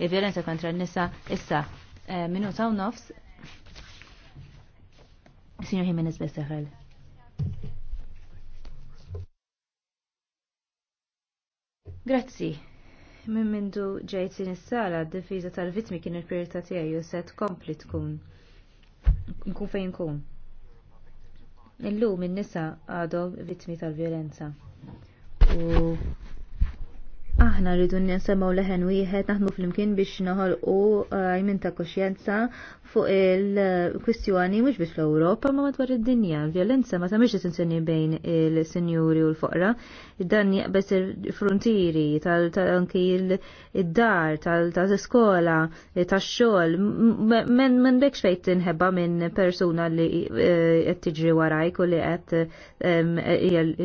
il-violenza kontra n-nisa issa eh, minuta u nofs. Signor Jimenez Becerrel. Grazzi. Minn mindu ġejt sin is-sala d-difiża tal-vittmi kien il-priorità tiegħi u se tkompli tkun. Nkun fejn kun. Illum in-nisa għadhom vittmi tal-vjolenza. U aħna rridu n-nsemmaw leħen wieħed naħdmu flimkien biex naħolqu għajmin ta' koxjenza fuq il-kwistjoni mhux biex fl-Ewropa ma madwar id-dinja. Vjolenza ma is distinzjoni bejn il-sinjuri u l-foqra. Dan jaqbes il-frontieri tal-anki id-dar, tal-iskola, tax-xogħol. Men bekx fejn tinħebba minn persuna li e, qed tiġri warajk u li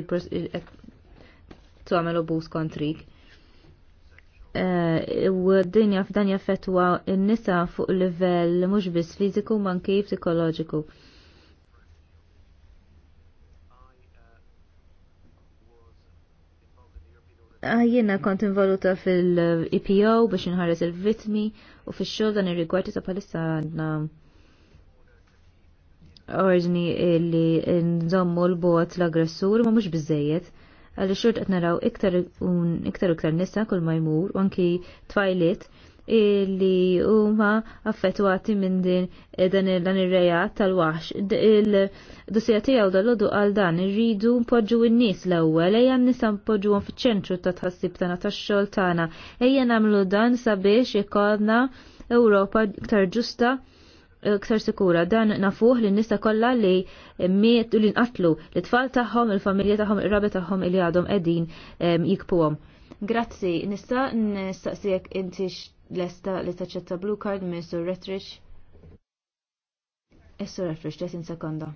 qed tuħamelu obus kontrik. Eh, u dinja f'dan jaffetwa n-nisa fuq livell mhux biss fiżiku ma anke psikoloġiku. Ah, jiena kont involuta fil-EPO biex inħares il-vitmi u fix-xogħol dan ir-rigwarti ta' palissa għandna ordni li nżommu l-bot l-aggressur ma mhux biżejjed għalli xort qed naraw iktar iktar iktar nisa kull ma jmur anki twajlit li huma affettwati minn din eh, dan dan ir-rejat tal-waħx. Il-dosija tiegħu dal-għodu għal dan irridu npoġġu n-nies l-ewwel ejja nisa npoġġuhom fiċ-ċentru ta' tħassib tagħna tax-xogħol tagħna. Ejja nagħmlu dan sabiex ikolna Ewropa iktar ġusta iktar sikura dan nafuh li nista kollha li miet u li nqatlu li tfal tagħhom, il-familja tagħhom, ir-rabi tagħhom li għadhom qegħdin jikpuhom. Grazzi, nista' nistaqsijek inti lesta li taċċetta blue card minn Sur Retrich. Eh, sur Retrich 30 sekonda.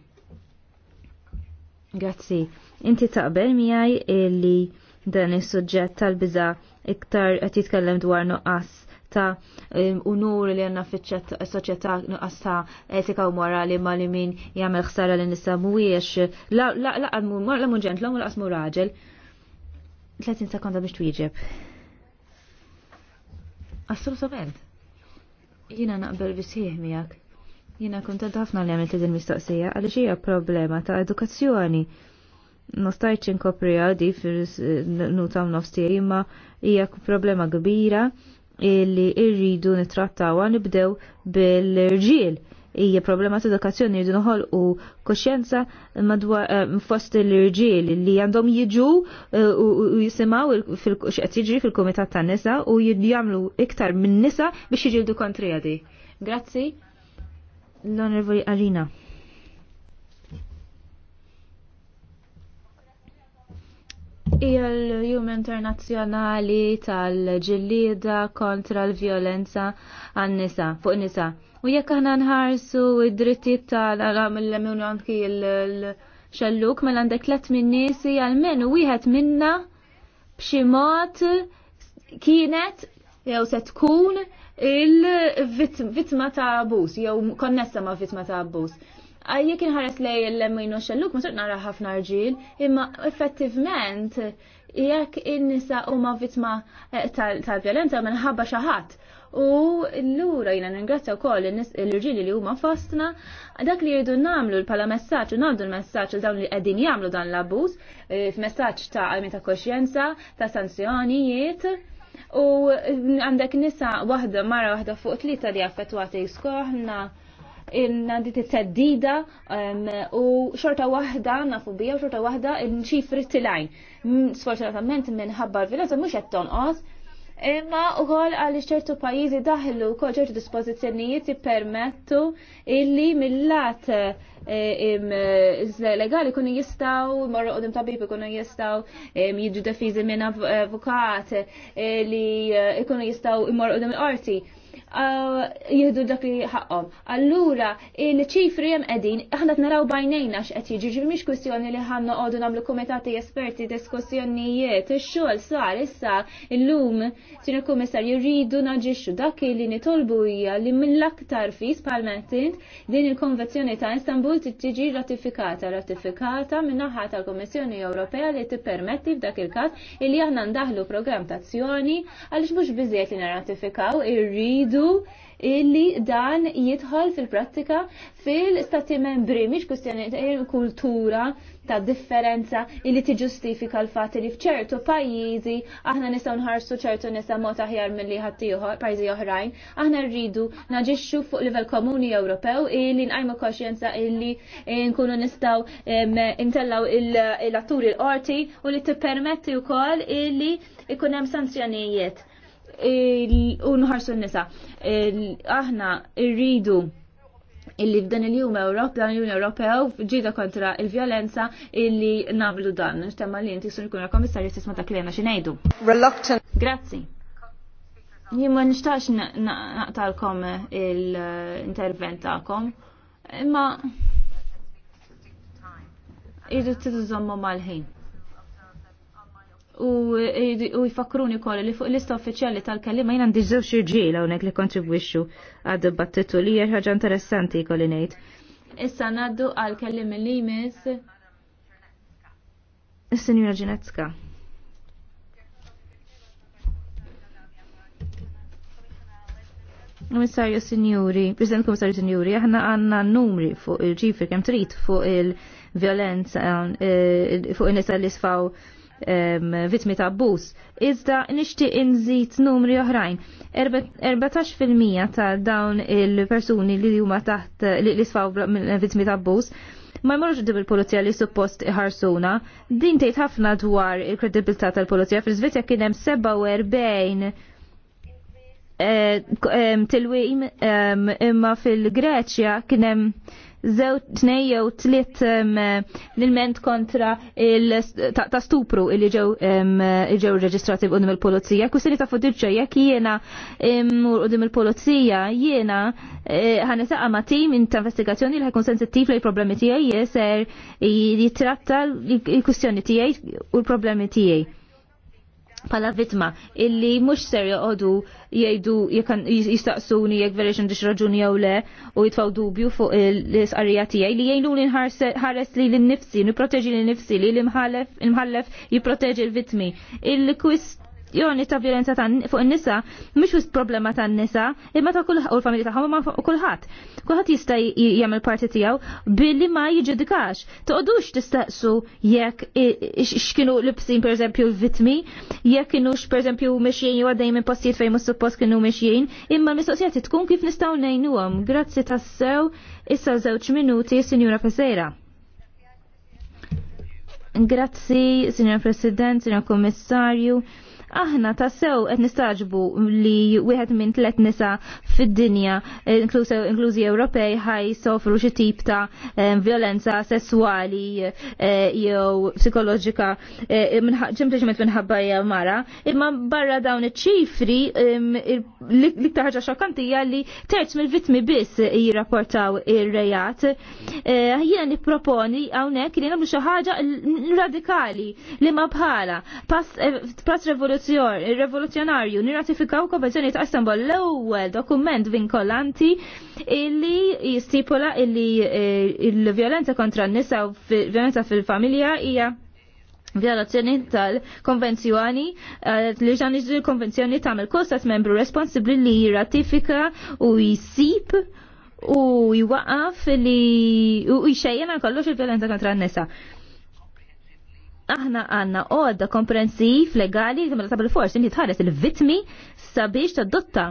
Grazzi. Inti taqbel miegħi li dan is-suġġett tal-biża' iktar qed jitkellem dwar nuqqas ta' unur li għanna fil-soċieta nuqasta etika u morali ma li min jgħamil ħsara li nisa mujiex la' mun ġent l-għom l-qasmu raġel 30 sekonda biex twieġeb. Assolutament. Jina naqbel bisħieħ miegħek. Jina kontent ħafna li għamilt din mistoqsija għaliex hija problema ta' edukazzjoni nostajċ inkoprija di fir nuta nofstija imma hija problema kbira Illi irridu nittrattawa nibdew bil-rġiel hija problema ta' edukazzjoni rridu noħol u koxjenza madwar eh, fost l-irġiel li għandhom jiġu eh, u jisimaw x'qed jiġri fil-kumitat tan nisa u jagħmlu iktar minn nisa biex jiġildu kontri għadi. Grazzi. L-Onorevoli Alina. Ija l-Jum Internazzjonali tal-ġillida kontra l-vjolenza għan-nisa fuq nisa. U jekk aħna nħarsu id-drittijiet tal-għamil għanki l-xelluk mela għandek tlet minn nisi għal-men u wieħed minna b'xi mod kienet jew se tkun il-vitma ta' abus, jew konnessa ma' vitma ta' abus. Jek inħares lej l-lemmin xelluk, ma tuq nara ħafna rġil, imma effettivment jekk in-nisa huma vittma eh, tal-vjolenza minħabba xi ħadd. U l-lura jina ningrazzja wkoll l-irġieli li huma fostna, dak li jridu nagħmlu bħala messaġġ u nagħmlu l-messaġġ il dawn li qegħdin jagħmlu dan l-abbuż eh, f'messaġġ ta' għalmi ta' koxjenza, ta' sanzjonijiet. U għandek nisa waħda mara wahda fuq tlieta li affettwati jiskoħna għandi t-teddida u xorta wahda nafu bija u xorta wahda nċifri t-tilajn. Sfortunatament minħabba l-violenza mux qed tonqos, imma u għol għalli ċertu pajizi daħlu u ċertu dispozizjonijiet permettu illi mill-lat e, legali kunu jistaw, marru għodim tabib kunu jistaw, jidġu defizi minn avukat e, li e, kunu jistaw immarru għodim orti jihdu dak li ħaqqom. Allura, il-ċifri jem edin, aħna t-naraw bajnejna x'qed jiġi, ġivi miex kwestjoni li ħanna għodu namlu komitati esperti, diskussjonijiet, il-xol sar issa il-lum, sinu komissar, jirridu naġiċu dak li nitolbu hija li mill-aktar fis spalmentint din il-konvenzjoni ta' Istanbul tiġi ratifikata, ratifikata minnaħa tal-Komissjoni Ewropea li tippermetti f'dak il-kas li aħna ndaħlu program tazzjoni għaliex mhux biżejjed li nirratifikaw irridu irridu illi dan jidħol fil-prattika fil-stati membri, miex kustjoni kultura ta' differenza illi tiġustifika l-fat li fċertu pajjiżi aħna nistgħu nħarsu ċertu nisa mod aħjar milli ħadd pajizi oħrajn, aħna rridu naġixxu fuq livell komuni Ewropew illi nqajmu koxjenza illi nkunu nistgħu intellaw il-atturi l-qorti u li tippermetti wkoll illi ikun hemm sanzjonijiet u nħarsu n-nisa. Aħna irridu illi f'dan il-jum Ewrop, dan il-jum Ewropew ġida kontra il-violenza illi namlu dan. Nishtemma li inti sun ikun komissarju tisma ta' klena xinejdu. Reluctant. Grazzi. Jien ma naqtalkom il-intervent ta'kom, imma t-tizzommu mal-ħin u jifakruni kol li fuq lista uffiċjali tal-kellima jina għandi żewġ irġiel hawnhekk li kontribwixxu għad battitu li hija interessanti kolli ngħid. Issa ngħaddu għal kellim li jmiss is-Sinjura Ġinetska. Komissarju Sinjuri, President Komissarju Sinjuri, aħna għanna numri fuq il-ġifri kem trit fuq il-violenza, eh, fuq il-nisa li sfaw vitmi ta' abbuż. Iżda nixtieq inżid numri oħrajn. 14% ta' dawn il-persuni li huma taħt li sfaw vitmi ta' abbuż ma jmorrux dib il-polizija li suppost iħarsuna. Din tgħid ħafna dwar il-kredibilità tal-polizija fil iżvezja kien hemm 47 Eh, tilwim imma fil-Greċja kienem zew tnej jew tliet l-ment kontra ta' stupru li ġew ġew reġistrati qudiem il-pulizija. Kwistjoni ta' fudirġa jekk jiena mur qudiem il-pulizija jiena saqa' eh, ma' tim ta' investigazzjoni li ħajkun sensittiv lej problemi tiegħi jeser jitratta l-kwistjoni tiegħi u l-problemi tiegħi pala vitma illi mux ser joqodu jgħidu jistaqsuni jekk veri xandix raġuni jew le u jitfaw dubju fuq l-isqarrija tiegħi li jgħidu li nħares li l-nifsi, niproteġi l-nifsi li l-imħallef jipproteġi l-vitmi. Il-kwist jorni ta' violenza ta' fuq n nisa mhix problema ta' nisa imma ta' kull u l-familja tagħhom ma' kulħadd. Kulħadd jista' jagħmel parti tiegħu billi ma jiġġudikax. Toqgħodux tistaqsu jekk x'kienu libsin pereżempju l-vitmi, jekk kienux pereżempju mexjin jew għaddej minn postijiet fejn mhux suppost kienu mexjin, imma mistoqsijati tkun kif nistgħu ngħinuhom. Grazzi tassew issa żewġ minuti, Sinjura Fesera. Grazzi, Signor President, Signor Commissario. Aħna ta' sew qed nistaġbu li wieħed minn tliet nisa fid-dinja, inklużi Ewropej, ħaj sofru xi tip ta' violenza sessuali eh, jew psikoloġika ċempliċement eh, minħabba jew mara. Imma barra dawn iċ-ċifri l-iktar ħaġa xokkanti hija li terz mill-vittmi biss jirrapportaw ir-rejat. Eh, jiena nipproponi hawnhekk li nagħmlu xi ħaġa radikali li ma bħala pass revoluzzjoni Ir-revoluzzjonarju nirratifikaw konvenzjoni ta' Istanbul l-ewwel dokument vinkolanti illi jistipula illi eh, il-vjolenza kontra n-nisa u violenza fil-familja hija violazzjoni tal-konvenzjoni eh, li ġan il-konvenzjoni ta' mel-kostat membru responsibli li jirratifika u jsib u jwaqaf li u jxejjena kollox il-violenza kontra n-nisa aħna għanna għodda komprensiv legali, għamil tabel forsi, inti tħares il-vitmi sabiex tadotta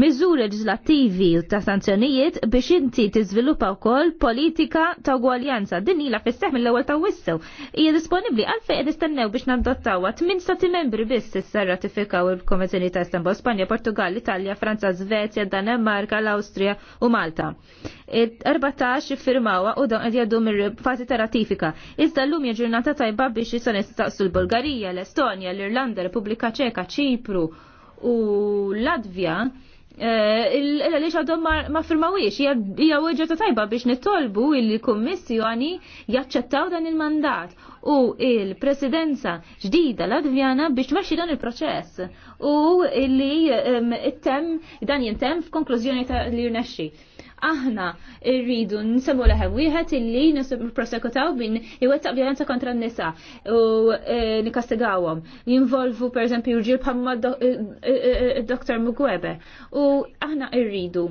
miżuri leġislattivi ta' sanzjonijiet biex inti tiżviluppa wkoll politika ta' ugwaljanza. Din ilha fis seħħ mill-ewwel ta' wissew. Hija disponibbli għalfejn qed nistennew biex nadottawha tmien stati membri biss issa rratifikaw il-Konvenzjoni ta' Istanbul, Spanja, Portugal, Italja, Franza, Svezja, Danemarka, l-Awstrija u Malta. 14 firmawa u dawn qed jgħaddu mir-fażi ta' ratifika. Iżda llum hija ġurnata tajba biex jista' nistaqsu l-Bulgarija, l-Estonja, l-Irlanda, Repubblika Ċeka, Ċipru u Latvja Eh, Għalix għadhom ma firmawiex, hija weġġa ta' tajba biex nittolbu il-Kummissjoni jaċċettaw dan il-mandat u il-presidenza ġdida Latvjana biex tmexxi dan il-proċess u li it dan jintem f'konklużjoni ta' li rnexxi aħna rridu nsemmu leħem wieħed illi niprosekutaw bin iwettaq violenza kontra n-nisa u e, nikastigawhom. Jinvolvu pereżempju ġil bħamma d-Dr. E, e, Mugwebe. U aħna rridu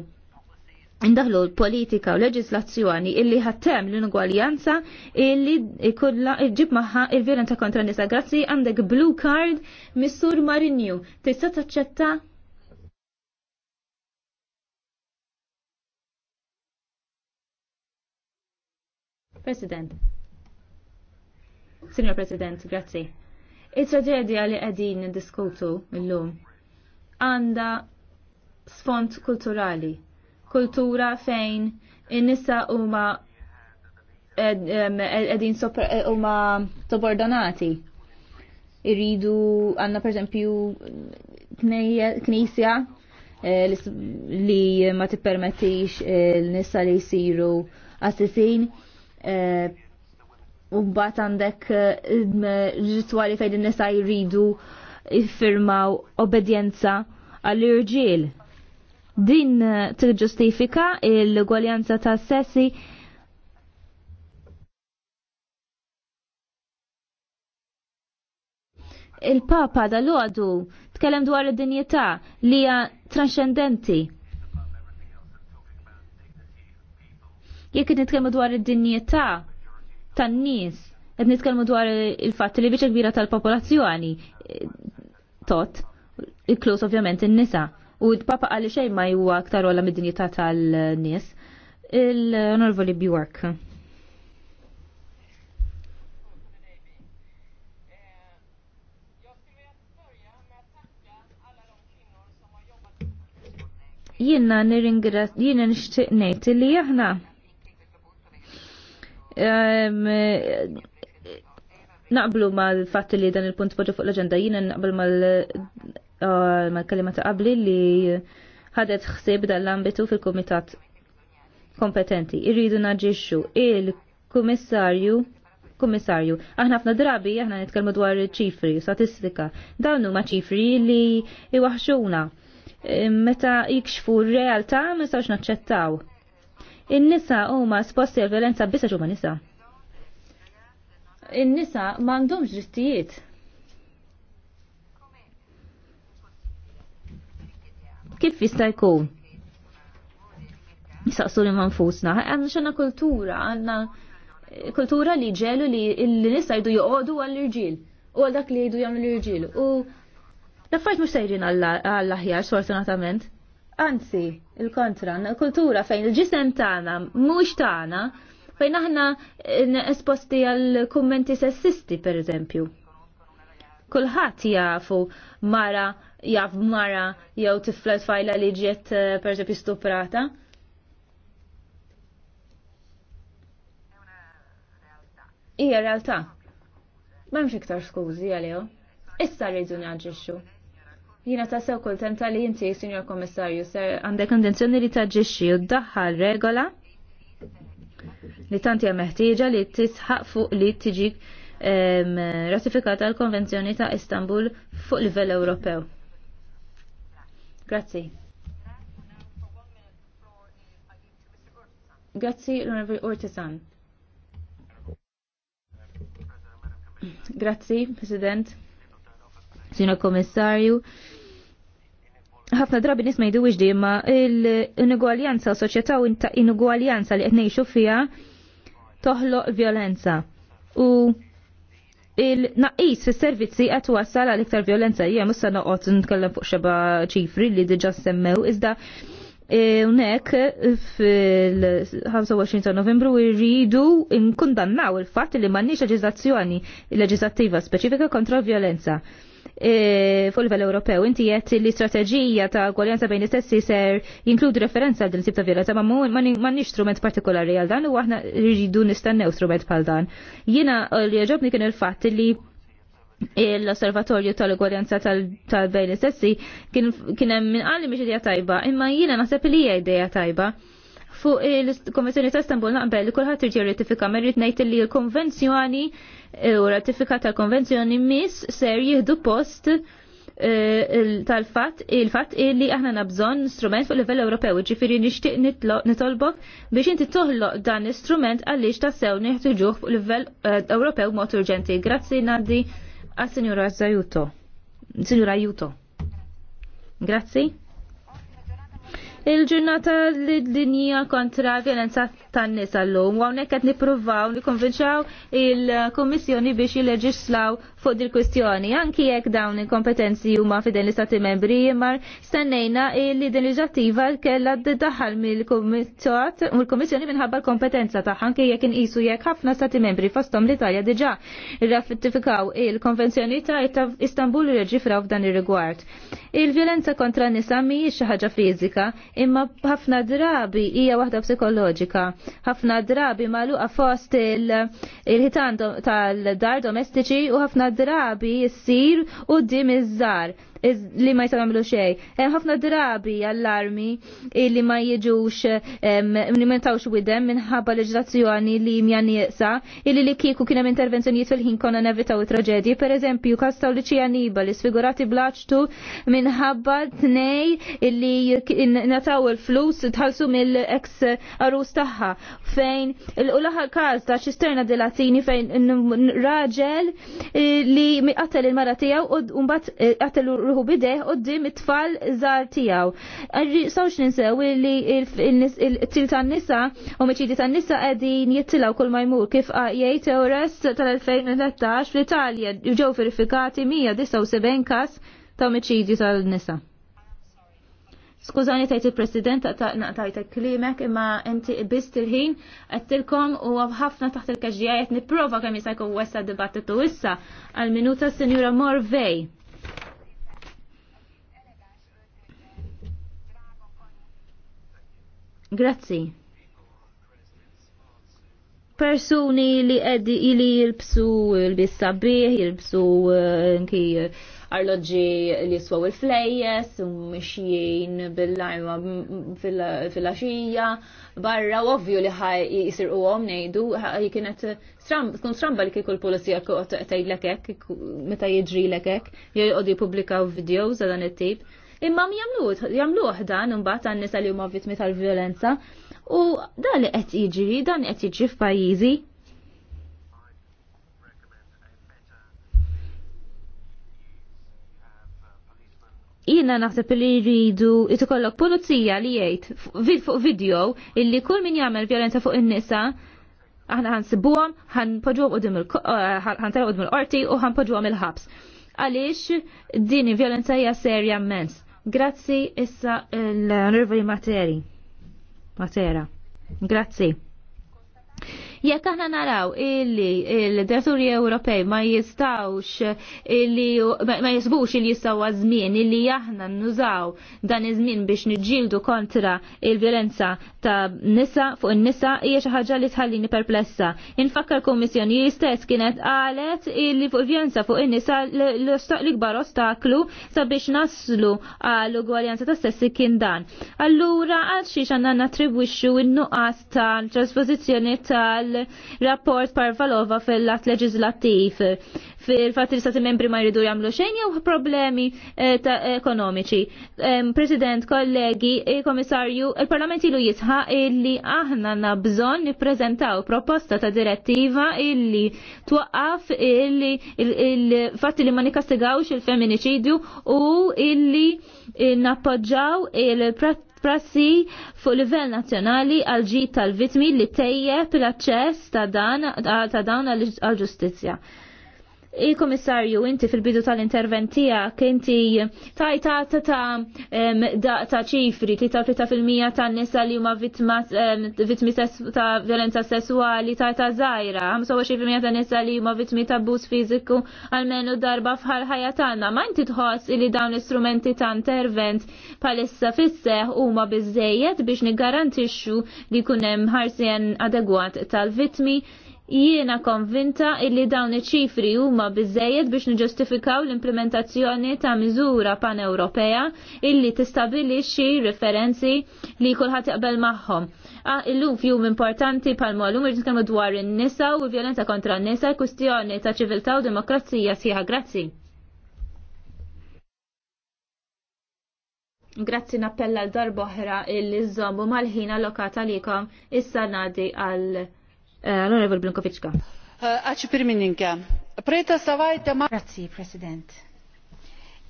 indaħlu l-politika u leġislazzjoni illi ħattem l-ingwaljanza illi ikolla ġib maħħa il-violenza kontra nisa. Grazzi għandek blue card missur Marinju. Tista' taċċetta? President. Signor President, grazie. Il-traġedja li għedin diskutu l-lum għanda sfont kulturali. Kultura fejn in-nisa huma edin huma subordonati. Iridu għanna per esempio knisja eh, li ma tippermettix eh, l-nisa li jsiru assisin E, u mbagħad għandek e, e, ritwali fejn in-nisa jridu jiffirmaw obedjenza għall-irġiel. Din tiġġustifika l-gwaljanza ta' sessi Il-Papa dal-għadu tkellem dwar id-dinjità li hija transcendenti. Jekk nitkellmu dwar id-dinjetà tan-nies, qed nitkellmu dwar il-fatt li biċa kbira tal-popolazzjoni tot, inkluż ovvjament in-nisa. U d-papa għalli xejn ma huwa aktar wala mid-dinjità tal-nies. Il-Onorvoli Bjork. Jiena nirringrazzja, jiena nixtieq ngħid li aħna naqblu mal-fatt li dan il-punt poġġa fuq l-aġenda jiena naqblu uh, mal-kalima ta' qabli li ħadet xsib dan l-ambitu fil-kumitat kompetenti. Irridu naġixxu il-kummissarju kummissarju, aħna fna drabi aħna nitkellmu dwar ċifri, statistika. Dawn huma ċifri li iwaħxuna. Meta jikxfu r-realtà ma sawx naċċettaw. In-nisa huma sposti għal violenza bissa ġuma nisa. In-nisa m'għandhomx drittijiet. Kif jista' jkun? Nisaqsu li manfusna, għandna xena kultura, għandna kultura li ġelu li l-nisa jdu joqogħdu għall-irġiel u għal dak li jdu jgħamlu l-irġiel. U l-affarijiet mhux sejrin għall-aħjar sfortunatament anzi, il-kontra, il kultura fejn il-ġisem tagħna mhux tagħna fejn aħna esposti għal kummenti sessisti per eżempju. Kulħadd jafu mara jaf mara jew tifla tfajla li ġiet eh, per eżempju stuprata. Hija realtà. M'hemmx iktar skużi għalihom. Issa rridu naġixxu. Jina ta' sew kol tem li jinti, Signor Komissarju, ser għandek intenzjoni li taġġixxi u ddaħħal regola li tanti hija meħtieġa li tisħaq fuq li tiġi ratifikata l-Konvenzjoni ta' Istanbul fuq livell Ewropew. Grazzi. Grazzi l-Onorevoli Urtisan. Grazzi, President, Signor Commissario ħafna drabi nisma jdu iġdi imma l-inugwaljanza, soċieta u inugwaljanza li għetnejxu fija toħloq violenza. U il-naqis fis servizzi qed wassal għal iktar violenza hija musa noqot noqgħod nitkellem fuq xeba ċifri li diġà semmew iżda Unek e, fil-25 ta' novembru irridu nkundannaw il-fatt li m'għandniex leġiżlazzjoni leġislattiva speċifika kontra violenza. violenza E, fuq livell Ewropew. Inti qed l-istrateġija ta' gwaljanza bejn is-sessi ser jinkludi referenza għal din sib ta' vjolenza ma' m'għandniex strument partikolari għal dan u aħna rridu nistennew strument bħal dan. Jiena eh, li ġobni kien il-fatt li l-Osservatorju tal gwarjanza tal-Bejn is-sessi kien hemm minqalli mhix idea tajba, imma jiena naħseb li hija idea tajba fuq il-Konvenzjoni ta' Istanbul naqbel li kulħadd irġi ratifika merrit ngħid li l-konvenzjoni eh, u ratifika tal-konvenzjoni miss ser jieħdu post eh, tal-fatt il-fatt li aħna nabżon strument fuq livell Ewropew, ġifieri nixtieq nitolbok biex inti toħloq dan l-istrument għaliex tassew neħtiġuh fuq livell eh, Ewropew mod urġenti. Grazzi Nadi għas-Sinjura Zajuto. Sinjura Juto. Grazzi il-ġurnata l-dinja kontra violenza tan nisa l-lum, għawnek għet nipruvaw, nikonvinċaw il-Komissjoni biex jil-leġislaw fuq dil kwistjoni anki jekk dawn il-kompetenzi huma fidel l-istati membri jimmar stennejna li din l-ġattiva kella d-daħal mill u l-komissjoni minħabba l-kompetenza taħ anki jekk inqisu jekk ħafna stati membri fostom l-Italja diġà rraffittifikaw il-konvenzjoni ta' Istanbul irreġifraw f'dan ir-rigward. Il-violenza kontra nisa mhijiex xi ħaġa fiżika, imma ħafna drabi hija waħda psikoloġika. Ħafna drabi magħluqa fost il-ħitan tal-dar domestiċi u ħafna drabi jissir u dim iż-żar li ma jisamamlu xej. Hemm ħafna drabi allarmi li ma jiġux li ma jintawx widem minħabba leġrazzjoni li mjani jiqsa illi li kieku kien hemm intervenzjonijiet fil-ħin konna nevitaw it-traġedji. Pereżempju kastaw li ċijaniba li sfigurati blaċtu minħabba t-nej illi nataw il-flus tħalsu mill-ex arus tagħha fejn l ulaħa kaz ta' ċisterna delatini fejn raġel eh, li qatel il-mara tiegħu u mbagħad eh, qatel ruħu bideħ qoddim it-tfal żgħar tiegħu. Sawx ninsew li il-til tan-nisa u meċidi tan-nisa qegħdin jittilgħu kull ma jmur kif jgħid Eures tal-2013 fl-Italja ġew verifikati 179 każ ta' meċidi tal-nisa. Skużani tajt il-President il klimek imma inti bist il-ħin għattilkom u għabħafna taħt il-kaġġija niprofa kemm jisajku wessa dibattitu issa għal-minuta Senjura Morvej. Grazzi. Persuni li għeddi ili jilbsu il-bissabiħ, jilbsu eh, nki arloġi li jiswaw il-flejjes, u mxijin bil-lajma fil-axija, barra u ovvju li ħaj jisir u għom nejdu, kienet tkun stramba li kikul polizija tajd l-ekek, meta jidri l-ekek, jgħoddi publikaw videos dan it-tip. Imma jagħmluh dan imbagħad għan nisa li huma vittmi tal-violenza u dan li qed jiġri, dan qed jiġri f'pajjiżi jina naħseb li jridu jitkollok pulizija li jgħid fuq video illi kull min jagħmel violenza fuq in-nisa aħna ħansibuhom, ħanpoġuhom qudiem ħantarawhom qudiem il-qorti u ħanpoġuhom il-ħabs. Għaliex din il-violenza hija serja immens. Grazzi issa l-Onorevoli Materi. Matera. Grazzi. Jekk aħna naraw illi il-Tresuri Ewropej ma jistawx illi ma jisbux illi jistaw għazmin illi aħna nużaw dan iż-żmien biex niġġieldu kontra il-violenza ta' nisa fuq in-nisa hija xi ħaġa li tħallini perplessa. Infakkar kummissjoni jistess kienet qalet illi fuq il-vjolenza fuq in-nisa l-ikbar ostaklu sabiex naslu għal ugwaljanza ta' stessi kien dan. Allura għal xiex għandna natribwixxu in-nuqqas tal-trasposizzjoni tal tal-rapport Parvalova fil lat leġislattiv. Fil-fat li stati membri ma jridu jagħmlu xejn jew problemi eh, ekonomiċi. President, kollegi, komissarju, il-Parlament ilu jisħa illi aħna na bżonn nippreżentaw proposta ta' direttiva illi twaqqaf illi il fatti li ma nikastigawx il-feminiċidju u illi eh, nappoġġaw il pratt prassi fuq livell nazzjonali għal ġid tal-vitmi li tejjeb l-aċċess ta' dan għal ġustizzja il-komissarju inti fil-bidu tal-intervent tiegħek inti tajta ta' ta' ċifri 33% ta' nisa li huma vittmi ta' violenza sessuali tajta zaħira 25% ta' nisa li huma vittmi ta' abbuż fiżiku għalmenu darba fħal ħajja tagħna. Ma inti tħoss li dawn l-istrumenti ta' intervent palissa fisseħ huma biżejjed biex niggarantixxu li jkun hemm ħarsien adegwat tal-vittmi jiena konvinta illi dawn iċ-ċifri huma biżejjed biex niġustifikaw l-implementazzjoni ta' miżura pan-Ewropea illi tistabilixxi referenzi li kulħadd jaqbel magħhom. Illum fjum importanti pal magħlum irġ nitkellmu dwar in-nisa u violenza kontra n-nisa, kwistjoni ta' ċiviltà u demokrazija sieħa grazzi. Grazzi nappella l-darboħra illi żommu mal-ħina lokata likom issa nadi għal Eh, L-Onorevole Blinkoviċka. Għaxi eh, pirmininka. Preta savajta ma. Grazzi, President.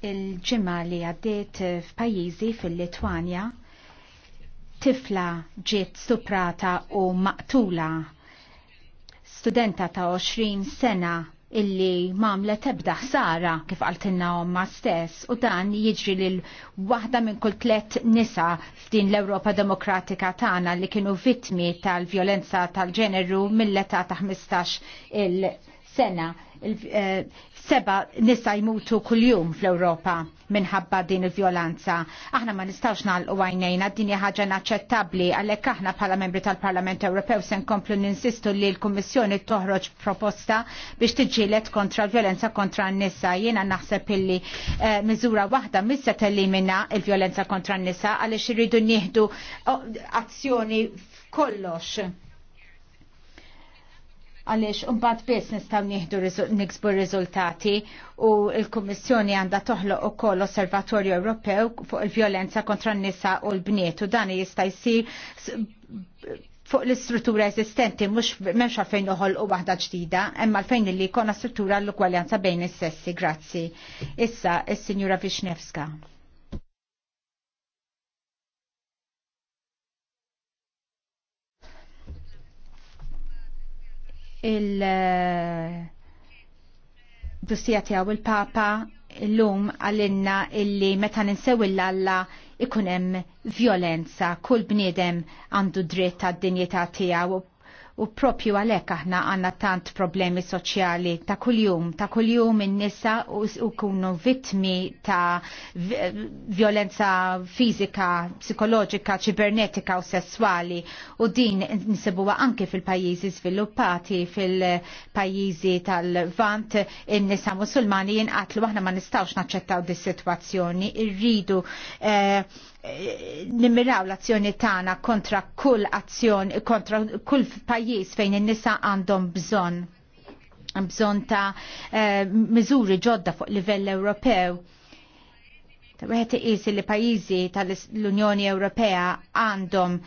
Il-ġimma li għaddiet f'pajjiżi fil-Litwanja tifla ġiet stuprata u maqtula studenta ta' 20 sena illi mamla tebda Sara kif għaltinna omma stess u dan jiġri lil waħda minn kull tlet nisa f'din l-Ewropa Demokratika tagħna li kienu vittmi tal-vjolenza tal-ġeneru mill-età ta' 15 il-sena. Eh, seba nisa jmutu kuljum fl-Europa minħabba din il-violanza. Aħna ma nistawx nagħlqu għajnejna din ħaġa naċċettabbli għalhekk aħna bħala membri tal-Parlament Ewropew se nkomplu ninsistu li l-Kummissjoni toħroġ proposta biex tiġġieled kontra l-violenza kontra n-nisa. Jiena naħseb illi eh, miżura waħda missa tellimina l-violenza kontra n-nisa għaliex irridu nieħdu oh, azzjoni kollox għaliex umbat biss nistaw nieħdu niksbu riżultati u l-Kummissjoni għandha toħloq ukoll Osservatorju Ewropew fuq il-vjolenza kontra n-nisa u l-bniet u dan jista' jsir fuq l-istruttura eżistenti mhux m'hemmx għalfejn noħolqu waħda ġdida, imma għalfejn li jkollna struttura l-ugwaljanza bejn is-sessi. Grazzi. Issa is-Sinjura Vixnevska. il-dussija eh, tiegħu il-Papa l-lum għallinna illi meta ninsew l-alla ikunem violenza, kull bniedem għandu dritt għad dinjeta tijaw U propju għalek aħna għanna tant problemi soċjali ta' kuljum, ta' kuljum in-nisa u kunu vittmi ta' violenza fizika, psikoloġika, ċibernetika u sessuali u din nisibuwa anke fil-pajjiżi sviluppati, fil-pajjiżi tal-vant, in-nisa musulmani jinqatlu aħna ma nistawx naċċettaw dis-sitwazzjoni, irridu eh, nimmiraw l-azzjoni tagħna kontra kull azzjoni, kontra kull pajjiż fejn in-nisa għandhom bżonn bżonn ta' eh, miżuri ġodda fuq livell Ewropew. Ta' wieħed iqis li pajjiżi tal-Unjoni Ewropea għandhom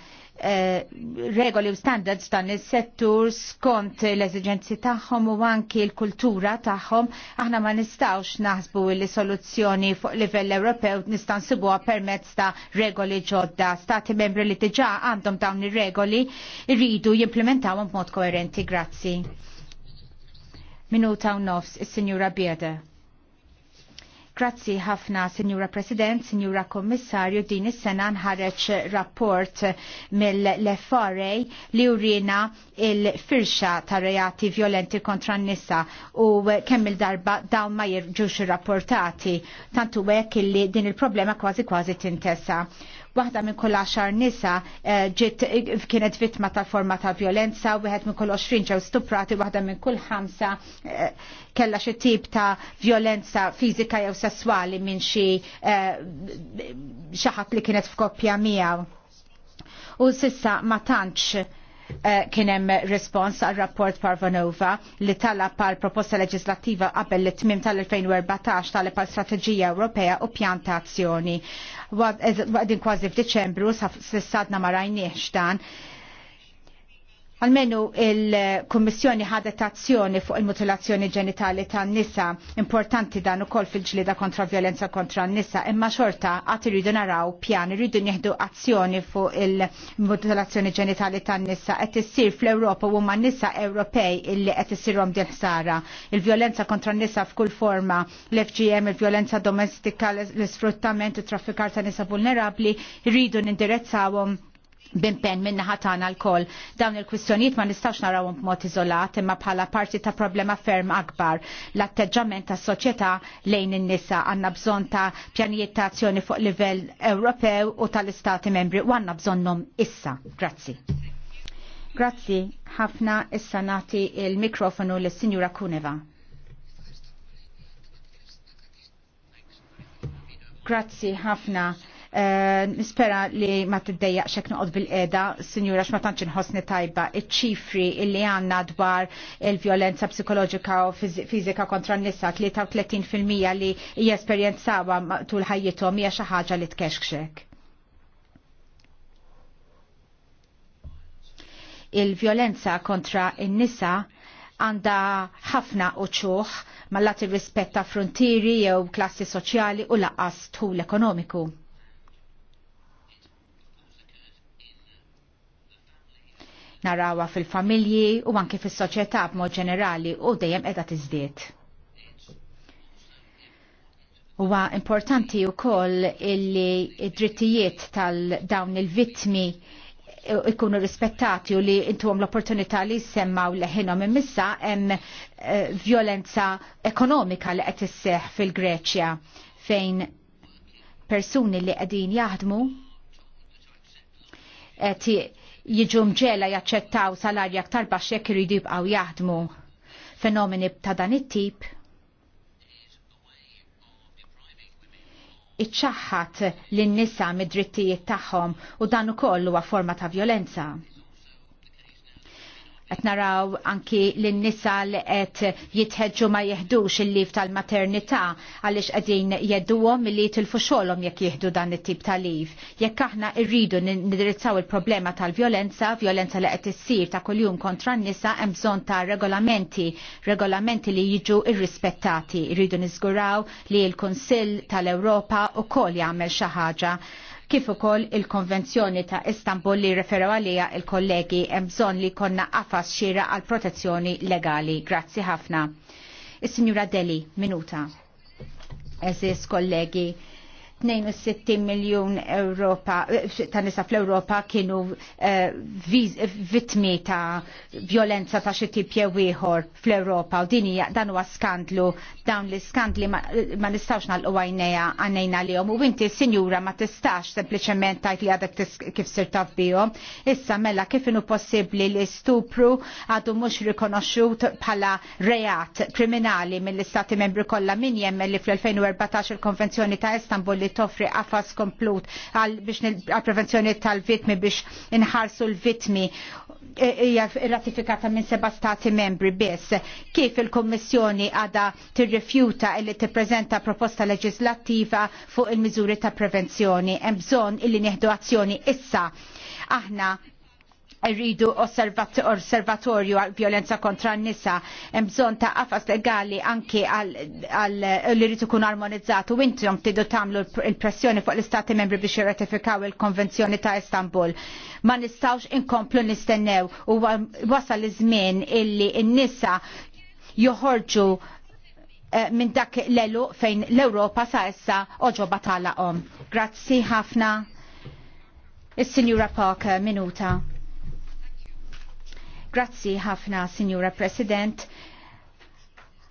Eh, regoli u standards dan is-settur skont l-eżigenzi tagħhom u anki l-kultura tagħhom, aħna ma nistgħux naħsbu li soluzzjoni fuq livell Ewropew nista' nsibuha permezz ta' regoli ġodda. Stati membri li diġà għandhom dawn ir-regoli jridu jimplementawhom b'mod koerenti. Grazzi. Minuta u nofs is-Sinjura Bieda. Grazzi ħafna, Signora President, Signora Kommissarju, din is-sena nħareċ rapport mill-FRA li urina il-firxa ta' reati violenti kontra n-nisa u kemm il-darba dawn ma jirġux rapportati, tantu hekk li din il-problema kważi kważi tintesa. Waħda minn kull 10 nisa eh, ġiet kienet vittma ta' forma ta' violenza, wieħed minn kull 20 ġew stuprati, waħda minn kull 5 eh, kella xi tip ta' violenza fiżika jew sesswali minn xi eh, xi ħadd li kienet f'koppja miegħu. U sissa ma tantx Eh, kien hemm respons għal rapport Parvanova li talab għal proposta leġislattiva qabel li tmim tal-2014 talab għal strategija Ewropea u pjan ta' azzjoni. Għadin kważi f'Diċembru, s-sadna marajni rajniex Almenu il-Kommissjoni ħadet azzjoni fuq il-mutilazzjoni ġenitali tan nisa importanti dan ukoll fil-ġlida kontra violenza kontra n-nisa imma xorta għati rridu naraw pjan irridu nieħdu azzjoni fuq il-mutilazzjoni ġenitali tan nisa qed issir fl-Ewropa u ma nisa Ewropej illi qed issirhom din ħsara. Il-violenza kontra n-nisa f'kull forma l-FGM, il-violenza domestika, l-isfruttament, it-traffikar ta' nisa vulnerabbli rridu nindirezzawhom bimpen minna ħatana l-koll. Dawn il-kwistjoniet ma nistax naraw b'mod iżolat imma bħala parti ta' problema ferm akbar. L-atteġġament ta' soċjetà lejn in-nisa għandna bżonn ta' pjanijiet ta' azzjoni fuq livell Ewropew u tal-Istati membri u għandna bżonnhom issa. Grazzi. Grazzi ħafna issa nagħti il-mikrofonu lis sinjura Kuneva. Grazzi ħafna. Eh, nispera li ma t-dejjaq xek noqod bil eda sinjura xma tanċin ħosni tajba, iċ-ċifri illi għanna dwar il-violenza psikologika u fizika kontra n-nisa, 33% li jesperienzawa tul ħajjitom, hija xi ħaġa li tkexkxek. Il-violenza kontra n-nisa għanda ħafna uċuħ mallati rispetta frontieri jew klassi soċjali u laqqas tħul ekonomiku narawha fil-familji u anke fis-soċjetà b'mod ġenerali u dejjem qiegħda tiżdied. Huwa importanti wkoll illi id-drittijiet tal-dawn il-vittmi ikunu rispettati u li intuhom l-opportunità li jsemmaw leħinhom immissa hemm eh, violenza ekonomika li qed isseħ fil-Greċja fejn persuni li qegħdin jaħdmu qed jiġu mġela jaċċettaw salarja aktar baxx jekk iridu jibqgħu jaħdmu. Fenomeni ta' dan it-tip iċċaħħat lin-nisa mid-drittijiet tagħhom u dan ukoll huwa forma ta' violenza qed naraw anki lin-nisa li qed jitħeġġu ma jeħdux il-lif tal-maternità għaliex qegħdin jedduhom milli il xogħolhom jekk jieħdu dan it-tip ta' lif. Jekk aħna rridu nidrizzaw il-problema tal-vjolenza, vjolenza li qed issir ta' kuljum kontra n-nisa hemm bżonn ta' regolamenti, regolamenti li jiġu irrispettati. Irridu niżguraw li l-Kunsill tal-Ewropa wkoll jagħmel xi ħaġa kif ukoll il-Konvenzjoni ta' Istanbul li referaw għalija il-kollegi hemm bżonn li konna qafas xira għal protezzjoni legali. Grazzi ħafna. Is-Sinjura Deli, minuta. Eżis kollegi, 62 miljon Europa, ta' nisa fl-Europa kienu eh, vittmi ta' violenza ta' xi tip ieħor fl-Europa u din dan huwa skandlu dawn li skandli ma, ma nistgħux nagħlqu għajnejha li lihom u inti sinjura ma tistax sempliċement tajt li għadek kif sirtaf bihom. Issa mela kif inu possibbli li stupru għadu mhux rikonoxxut bħala reat kriminali mill-istati membri kollha min jemmel li fl-2014 il-Konvenzjoni ta' Istanbul li toffri qafas komplut għal prevenzjoni tal-vitmi biex inħarsu l-vitmi e, hija ratifikata minn seba' stati membri biss. Kif il-Kommissjoni għada tirrifjuta illi tippreżenta proposta leġislattiva fuq il-miżuri ta' prevenzjoni hemm bżonn illi nieħdu azzjoni issa. Aħna rridu osservatorju għal violenza kontra n-nisa, mżon ta' qafas legali anki għal li rritu kun armonizzatu, intom tidu tamlu il-pressjoni fuq l-istati membri biex jirratifikaw il-konvenzjoni ta' Istanbul. Ma nistawx inkomplu nistennew u wasal iż-żmien illi n-nisa joħorġu eh, minn dak l-elu fejn l-Europa sa' essa oġoba tal-laqom. Grazzi ħafna. Is-Sinjura Parker, minuta. Grazzi ħafna, Signora President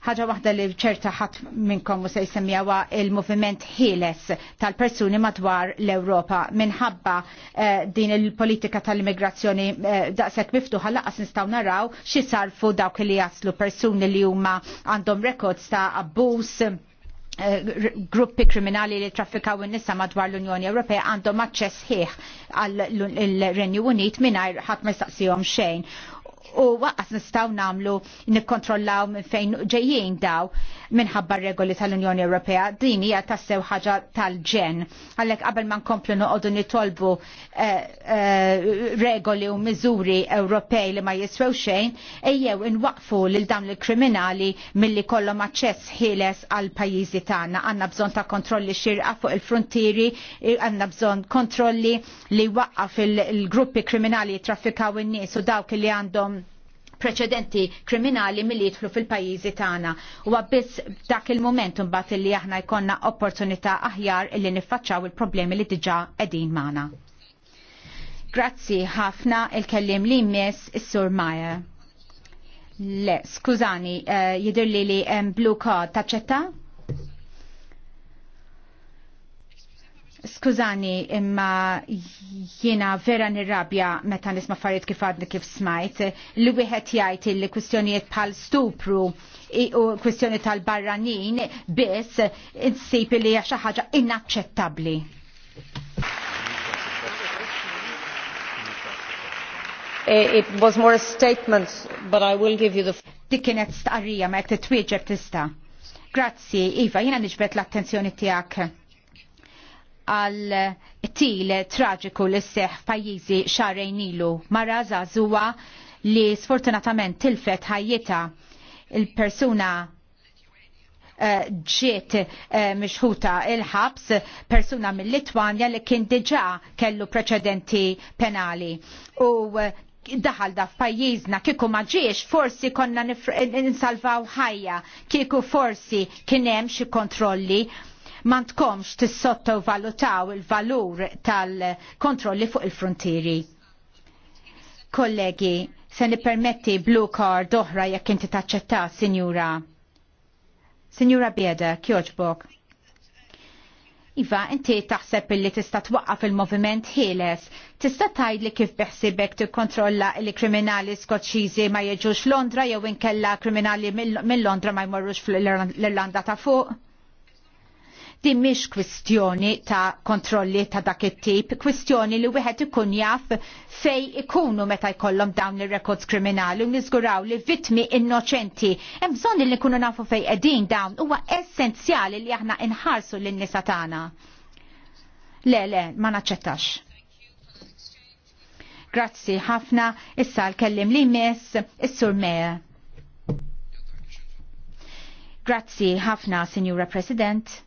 ħaġa waħda li ċerta ħadd minnkom u se jsemmijawa il-moviment ħieles tal-persuni madwar l-Ewropa minħabba eh, din il-politika tal-immigrazzjoni eh, daqshekk miftuħa laqas nistgħu naraw xi sarfu dawk li jaslu persuni li huma għandhom rekords ta' abbuż eh, gruppi kriminali li traffikaw in-nisa madwar l-Unjoni Ewropea għandhom aċċess ħieħ għall-Renju Unit mingħajr ħadd ma jistaqsihom xejn u waqqas nistgħu nagħmlu nikkontrollaw minn fejn ġejjin daw minħabba regoli tal-Unjoni Ewropea din hija tassew ħaġa tal-ġen. Għalhekk qabel ma nkomplu noqogħdu nitolbu eh, eh, regoli u miżuri Ewropej li ma jiswew xejn, ejjew inwaqfu lil dawn il-kriminali milli kollhom aċċess ħieles għal pajjiżi tagħna. Għandna bżonn ta' kontrolli xirqa fuq il-frontieri, għandna bżonn kontrolli li waqqaf il-gruppi kriminali traffikaw in-nies u dawk li għandhom preċedenti kriminali milli jidħlu fil-pajjiżi tagħna. Huwa biss dak il-moment imbagħad li aħna jkollna opportunità aħjar illi niffaċċaw il-problemi li diġà qegħdin magħna. Grazzi ħafna il-kellim li jmiss is-Sur Maja. Le, skużani, uh, eh, jidir li li blue card taċċetta? Skużani, imma jiena vera nirrabja meta nisma' affarijiet kif għadni kif smajt, li wieħed jgħid li kwistjonijiet bħal stupru u kwistjoni tal-barranin biss insib li hija xi ħaġa inaċċettabbli. Eh, it was more a statement, but I will give you the... Dik kienet stqarrija ma jek titwieġeb tista'. Grazzi, Iva, jiena niġbed l-attenzjoni tiegħek għal til traġiku li seħ pajjiżi xarejn ilu. Mara zazuwa li sfortunatament tilfet ħajjita il-persuna eh, ġiet eh, mixħuta il-ħabs persuna mill-Litwanja li kien diġa kellu preċedenti penali. U eh, daħal da f'pajjiżna kieku ma ġiex forsi konna nisalvaw ħajja, kieku forsi kien hemm xi kontrolli Ma tkomx tissottovalutaw il-valur tal-kontrolli fuq il-frontieri. Kollegi, se nippermetti blue card oħra jekk inti taċċetta, sinjura. Sinjura Bieda, kjoġbok. Iva, inti taħseb illi tista twaqqaf il-moviment ħieles. Tista tajd li kif beħsibek tikkontrolla li kriminali skoċċiżi ma jieġux Londra jew inkella kriminali mill-Londra ma jmorrux fl-Irlanda ta' fuq? Din mhix kwistjoni ta' kontrolli ta' dak it-tip, kwistjoni li wieħed ikun jaf fej ikunu meta jkollhom dawn ir-rekords kriminali u niżguraw li vittmi innoċenti. Hemm bżonn li nkunu nafu fej qegħdin dawn huwa essenzjali li aħna inħarsu lin-nisa tagħna. Le, le, ma naċċettax. Grazzi ħafna, issa l-kellim li miss, is-sur Meja. Grazzi ħafna, Signora President.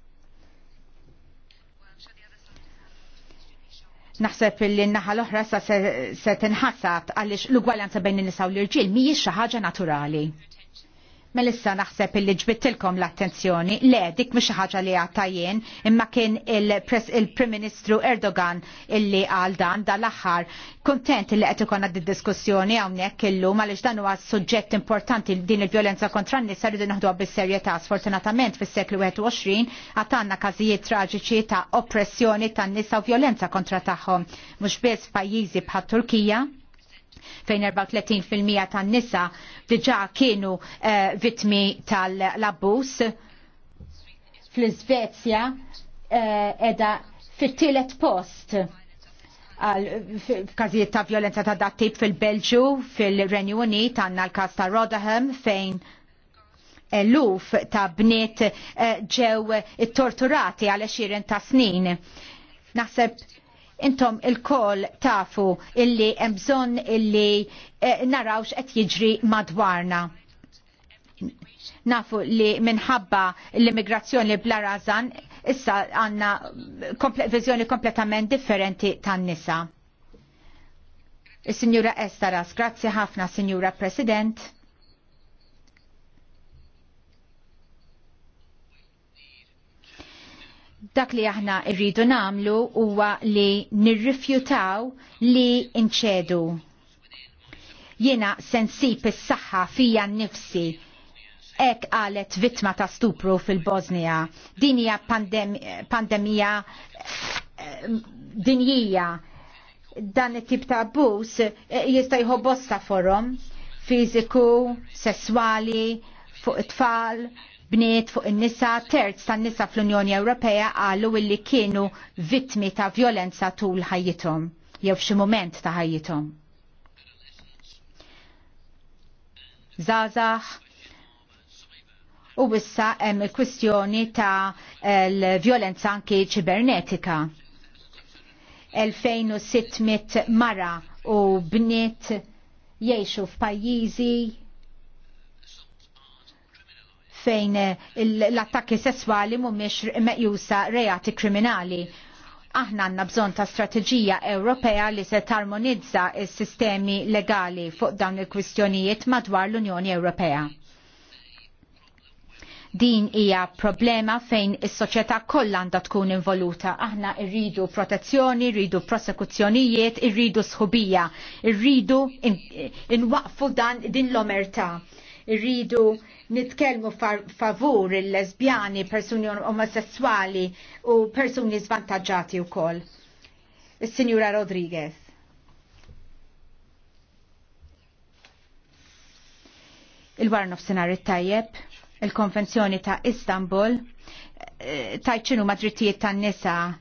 Naħseb li n-naħa l-oħra sa se tinħassab għaliex l-ugwaljanza bejn in-nisa u l-irġiel mhijiex xi ħaġa naturali. Melissa naħseb illi ġbittilkom l-attenzjoni, le dik mhux ħaġa li jien, imma kien il-Prim Ministru Erdogan illi għal dan dal-aħħar. Kontent illi qed ikonna għaddi diskussjoni hawnhekk illum għaliex dan huwa suġġett importanti din il-vjolenza kontra n-nisa rridu naħduha bis-serjetà. Sfortunatament fis-seklu 21 għatanna każijiet traġiċi ta' oppressjoni tan-nisa u vjolenza kontra tagħhom, mhux biss pajjiżi bħat Turkija, fejn 34% tan-nisa diġà kienu uh, eh, vitmi tal-abbus. Fl-Iżvezja uh, eh, edha fit-tielet post għal f'każijiet ta' violenza ta' dattib fil-Belġu, fil-Renju Unit, għandna l-każ ta' Rodaham fejn eluf ta' bniet eh, ġew torturati għal xiren ta' snin. Naħseb intom il koll tafu illi bżonn illi eh, narawx qed jiġri madwarna. Nafu li minħabba l-immigrazzjoni bla razan issa għanna vizjoni viżjoni kompletament differenti tan-nisa. Signora Estaras, grazzi ħafna, Signora President. dak li aħna rridu namlu huwa li nirrifjutaw li nċedu. Jiena sensib is-saħħa fija nnifsi ek għalet vittma ta' stupru fil-Bosnija. Dinja pandem pandemija eh, dinjija dan it-tip ta' abbuż eh, jista' jħob bosta forum fiżiku, sesswali, fuq it-tfal, bniet fuq in-nisa terz tan-nisa fl-Unjoni Ewropea qalu illi kienu vittmi ta' violenza tul ħajjithom jew f'xi mument ta' ħajjithom. Zazax, u wissa hemm il-kwistjoni ta' l-violenza anki ċibernetika. 2600 mara u bniet jiexu f'pajjiżi fejn eh, l-attakki sessuali mhumiex meqjusa reati kriminali aħna għanna bżon ta' strategija Ewropea li se tarmonizza s-sistemi legali fuq dawn il-kwistjonijiet madwar l-Unjoni Ewropea. Din hija problema fejn is-soċjetà kollha għandha tkun involuta. Aħna rridu protezzjoni, rridu prosekuzzjonijiet, irridu sħubija, irridu inwaqfu in dan din l omerta irridu nitkellmu favur il-lesbjani, persuni omosessuali u persuni svantaġġati u koll. Signora Rodriguez. il war nofsenar Senari tajjeb, il-Konvenzjoni ta' Istanbul, eh, tajċinu madrittijiet ta' nisa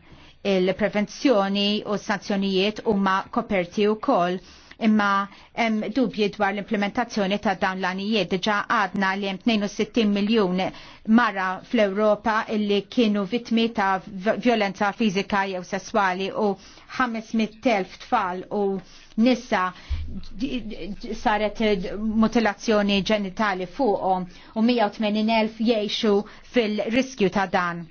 il-prevenzjoni u sanzjonijiet u ma' koperti u koll imma hemm dubji dwar l-implementazzjoni ta' dawn l-anijiet diġa għadna li hemm 62 miljun mara fl-Ewropa illi kienu vittmi ta' violenza fizika jew sesswali u 500.000 tfal u nissa saret mutilazzjoni ġenitali fuqhom u 180.000 jgħixu fil-riskju ta' dan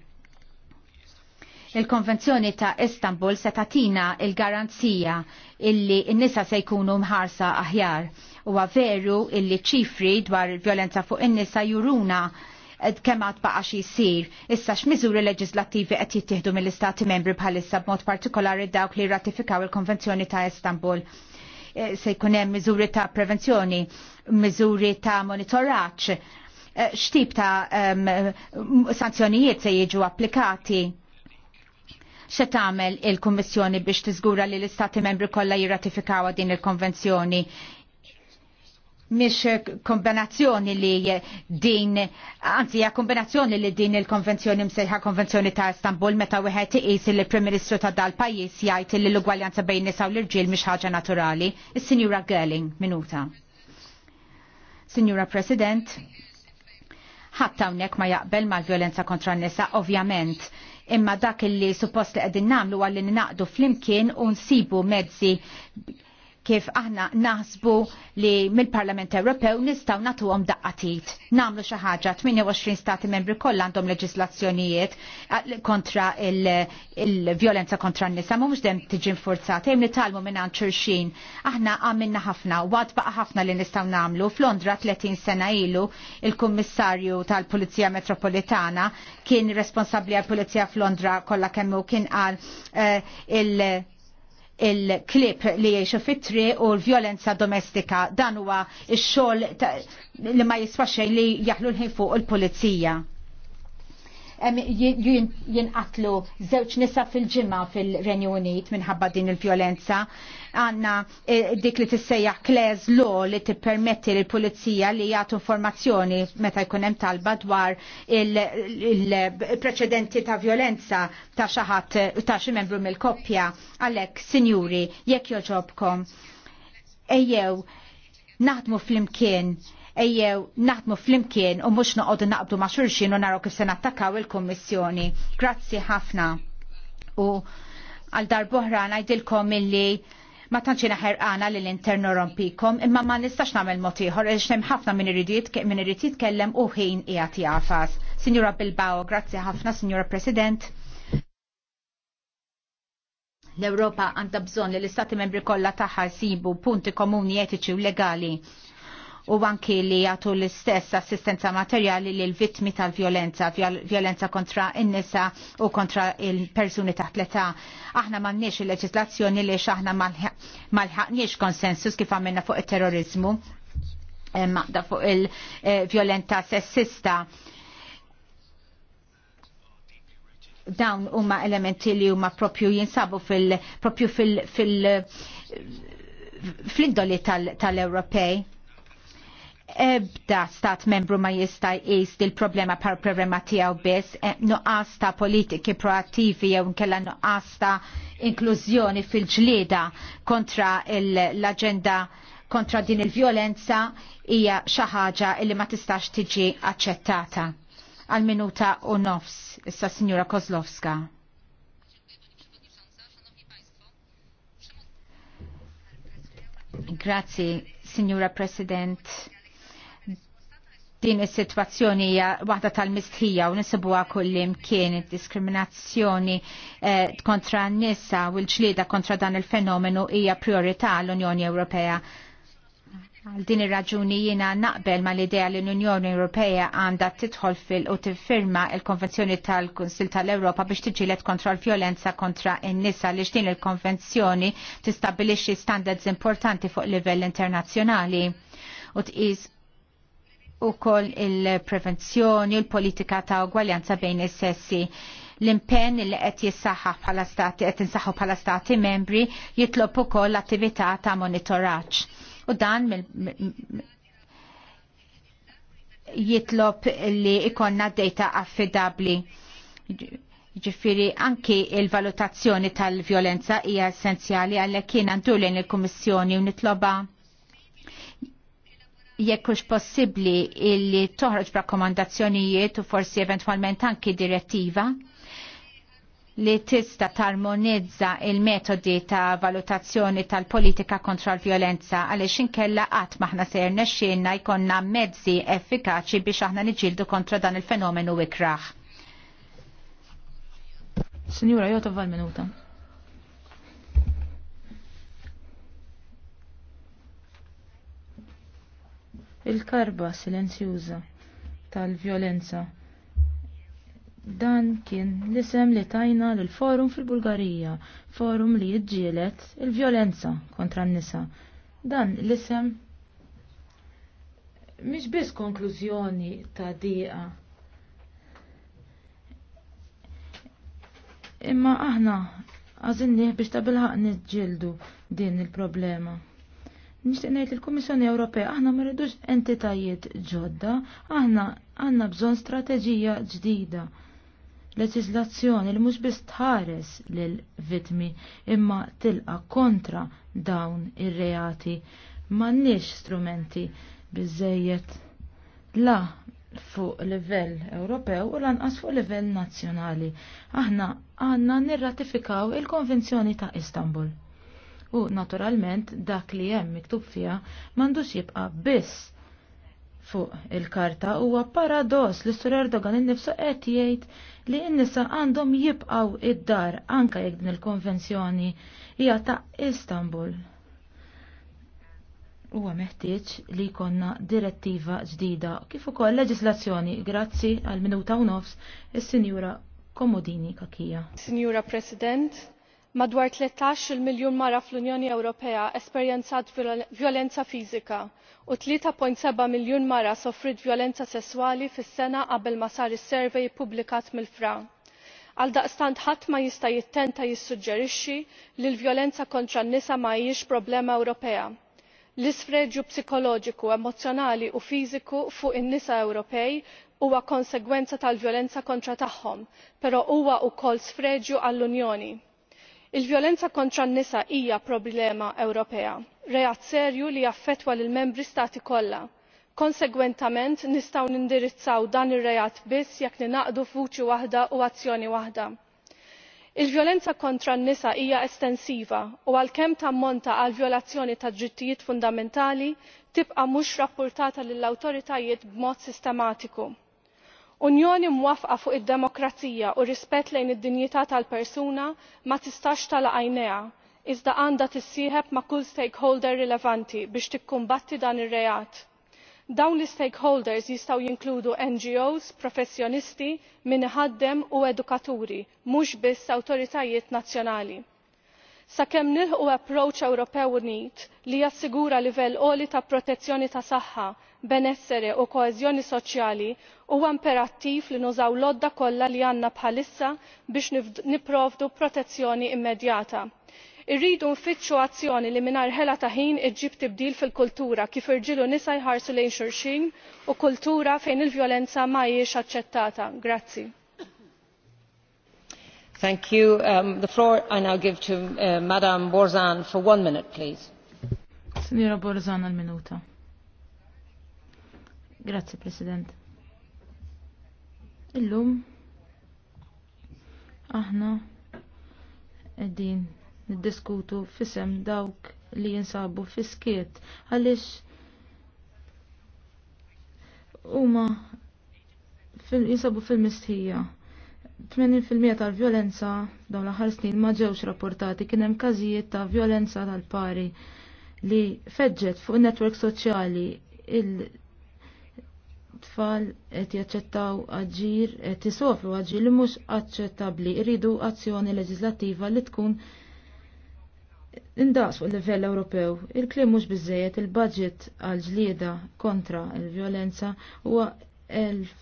il-Konvenzjoni ta' Istanbul se tatina il-garanzija illi n-nisa se jkunu mħarsa aħjar. U veru illi ċifri dwar il-violenza fuq in-nisa juruna kemm għad baqax jisir. Issa x'miżuri leġislattivi qed jittieħdu mill-Istati membri bħalissa b'mod partikolari dawk li ratifikaw il-Konvenzjoni ta' Istanbul e, se jkun hemm miżuri ta' prevenzjoni, miżuri ta' monitoraġġ, e, x'tip ta' sanzjonijiet se jiġu applikati se tagħmel il-Kummissjoni biex tiżgura li l-Istati membri kollha jirratifikaw din il-konvenzjoni Mhix kombinazzjoni li din, anzi hija kombinazzjoni li din il-konvenzjoni msejħa konvenzjoni ta' Istanbul meta wieħed iqis li prim Ministru ta' dal pajjiż jgħid li l-ugwaljanza bejn nisa u l-irġiel mhix ħaġa naturali. Is-Sinjura Gerling, minuta. Sinjura President, ħadd hawnhekk ma jaqbel mal-vjolenza kontra n-nisa ovvjament imma dak li suppost li qegħdin nagħmlu għallin naqdu flimkien u nsibu mezzi kif aħna naħsbu li mill-Parlament Ewropew nistaw għom daqqatit. Namlu xi ħaġa 28 stati membri kollha għandhom leġislazzjonijiet kontra il violenza kontra n-nisa mux dem tiġi nfurzata li nitalmu minn xulxin. Aħna għamilna ħafna għad baqa' ħafna li nistgħu nagħmlu. F'Londra 30 sena ilu il-Kummissarju tal-Pulizija Metropolitana kien responsabbli għall-Pulizija f'Londra kollha kemm kien għal eh, il- il-klip li jiexu fitri u l-violenza domestika dan huwa x-xogħol li ma jiswaxxej li jaħlu l-ħin fuq il-pulizija jinqatlu zewċ nisa fil-ġimma fil-Renju Unit minħabba din il-violenza għanna eh, dik li tissejjaħ klez lo li tippermetti l pulizija li jagħtu informazzjoni meta jkun hemm talba dwar il-preċedenti ta' violenza ta' xi ħadd ta' xi membru mill-koppja għalhekk sinjuri jekk joġobkom ejjew naħdmu flimkien ejjew naħdmu flimkien u mhux noqogħdu naqbdu ma' xulxin u naraw kif se nattakaw il-Kummissjoni. Grazzi ħafna. U għal darbohra ngħidilkom illi ma tantxina ħerqana li l-internu rompikom, imma ma nistax namel motiħor, il ħafna minn irridiet min irrid jitkellem u ħin qiegħed jafas. Sinjura Bilbao, grazzi ħafna, Sinjura President. L-Ewropa għandha bżonn li l-Istati membri kollha tagħha jsibu punti komuni etiċi u legali u anki li jagħtu l-istess assistenza materjali lill vittmi tal-vjolenza, vjolenza kontra in-nisa u kontra il-persuni taħt l-età. Aħna m'għandniex il-leġislazzjoni li aħna ħaqniex konsensus kif għamilna fuq it-terrorizmu maqda fuq il-vjolenta sessista dawn huma elementi li huma propju jinsabu fil propju fil fil fl-indoli tal-Ewropej. Tal ebda stat membru ma jista' jqis il problema par problema tiegħu biss e, nuqqas ta' politiki proattivi jew nkella nuqqas ta' inklużjoni fil-ġlieda kontra l agenda kontra din il-vjolenza hija xi ħaġa li ma tistax tiġi aċċettata. Għal minuta u nofs, issa Signora Kozlowska. Grazie Signora President din is-sitwazzjoni hija waħda tal-mistħija u nisibuha kien id-diskriminazzjoni eh, kontra n-nisa u l-ġlieda kontra dan il-fenomenu hija priorità l-Unjoni Ewropea. Għal din ir-raġuni jiena naqbel mal idea li l-Unjoni Ewropea għandha tidħol fil u tiffirma il-Konvenzjoni tal-Kunsil tal-Ewropa biex tiġilet kontra l-vjolenza kontra n-nisa li din il-konvenzjoni tistabilixxi standards importanti fuq livell internazzjonali u tqis u koll il-prevenzjoni, l politika ta' ugwaljanza bejn is-sessi l-impenn li qed jissaħħaħ bħala stati qed insaħħu bħala stati membri jitlob ukoll attività ta' monitoraġġ. U dan jitlob li ikonna data affidabli. Ġifiri, anki il-valutazzjoni tal-violenza hija essenzjali għalhekk jien għandu lejn il-Kummissjoni u nitloba jekkux possibli illi toħroġ rakkomandazzjonijiet u forsi eventualment anki direttiva li tista tarmonizza il-metodi ta' valutazzjoni tal-politika kontra l-violenza għaliex inkella qatt maħna ser nexxielna jkollna mezzi effikaċi biex aħna niġildu kontra dan il-fenomenu ikraħ. Sinjura, jota val minuta. il-karba silenzjuża tal-vjolenza. Dan kien l-isem li tajna l-forum fil-Bulgarija, forum li jġielet il-vjolenza kontra n-nisa. Dan l-isem mhix biss konklużjoni ta' diqa. Imma aħna għazinni biex ta' bilħaq nġildu din il-problema. Nixtieq ngħid il-Kummissjoni Ewropea aħna ma rridux entitajiet ġodda, aħna għandna bżonn strateġija ġdida. Leġiżlazzjoni li mhux biss tħares lil vitmi imma tilqa kontra dawn ir-reati. M'għandniex strumenti biżejjed la fuq livell Ewropew u lanqas fuq livell nazzjonali. Aħna għandna nirratifikaw il-Konvenzjoni ta' Istanbul u naturalment dak li hemm miktub fiha m'għandux jibqa' biss fuq il-karta huwa paradoss li Sur Erdogan innifsu qed jgħid li n-nisa għandhom jibqgħu id-dar anke jekk din il-konvenzjoni hija ta' Istanbul. Huwa meħtieġ li jkollna direttiva ġdida kif ukoll leġislazzjoni grazzi għal minuta u nofs is-Sinjura Komodini Kakija. Sinjura President, madwar tletax-il miljun mara fl-Unjoni Ewropea esperjenzat violenza fiżika u 3.7 miljun mara soffrit violenza sesswali fis-sena qabel ma sar is-survey ippubblikat mill-FRA. Għaldaqstant ħadd ma jista' jittenta jissuġġerixxi li l-vjolenza kontra n-nisa mhijiex problema Ewropea. L-isfreġġju psikoloġiku, emozzjonali u fiżiku fuq in-nisa Ewropej huwa konsegwenza tal-vjolenza kontra tagħhom, però huwa wkoll sfreġġju għall-Unjoni il vjolenza kontra n nisa hija problema ewropea reat serju li jaffettwa lill membri stati kollha. konsegwentement nistgħu nindirizzaw dan ir-reat biss jekk ningħaqdu f'vuċi waħda u azzjoni waħda. il vjolenza kontra n nisa hija estensiva u għalkemm tammonta għal vjolazzjoni ta' drittijiet fundamentali tibqa' mhux rappurtata lill awtoritajiet b'mod sistematiku unjoni mwaffqa fuq id-demokrazija u rispett lejn id-dinjità tal-persuna ma tistax tagħlaq għajnejha iżda għandha tissieħeb ma' kull stakeholder rilevanti biex tikkumbatti dan ir-reat. Dawn l-stakeholders jistgħu jinkludu NGOs, professjonisti, min iħaddem u edukaturi, mhux biss awtoritajiet nazzjonali. Sakemm nilħu approach Ewropew unit li jassigura livell għoli ta' protezzjoni ta' saħħa benessere u koeżjoni soċjali huwa imperattiv li nużaw l-għodda kollha li għandna bħalissa biex nipprovdu protezzjoni immedjata. irridu nfittxu azzjoni li mingħajr ħela ta' ħin iġġib tibdil fil-kultura kif irġielu nisa jħarsu lejn xulxin u kultura fejn il-vjolenza hijiex aċċettata. grazzi. Signora Borzan, al minuta. Grazzi, President. Illum, aħna qegħdin niddiskutu fisem dawk li jinsabu fiskiet għaliex huma jinsabu fil-mistħija. 80% tal-violenza dawn l-aħħar snin ma ġewx rapportati kien hemm każijiet ta' violenza tal-pari li feġġet fuq in netwerk soċjali il tfal qed jaċċettaw aġir qed isofru aġir li mhux aċċettabbli jridu azzjoni leġislattiva li tkun indaqs fuq livell Ewropew. Il-klim mhux biżejjed il-budget għal ġlieda kontra l-vjolenza huwa elf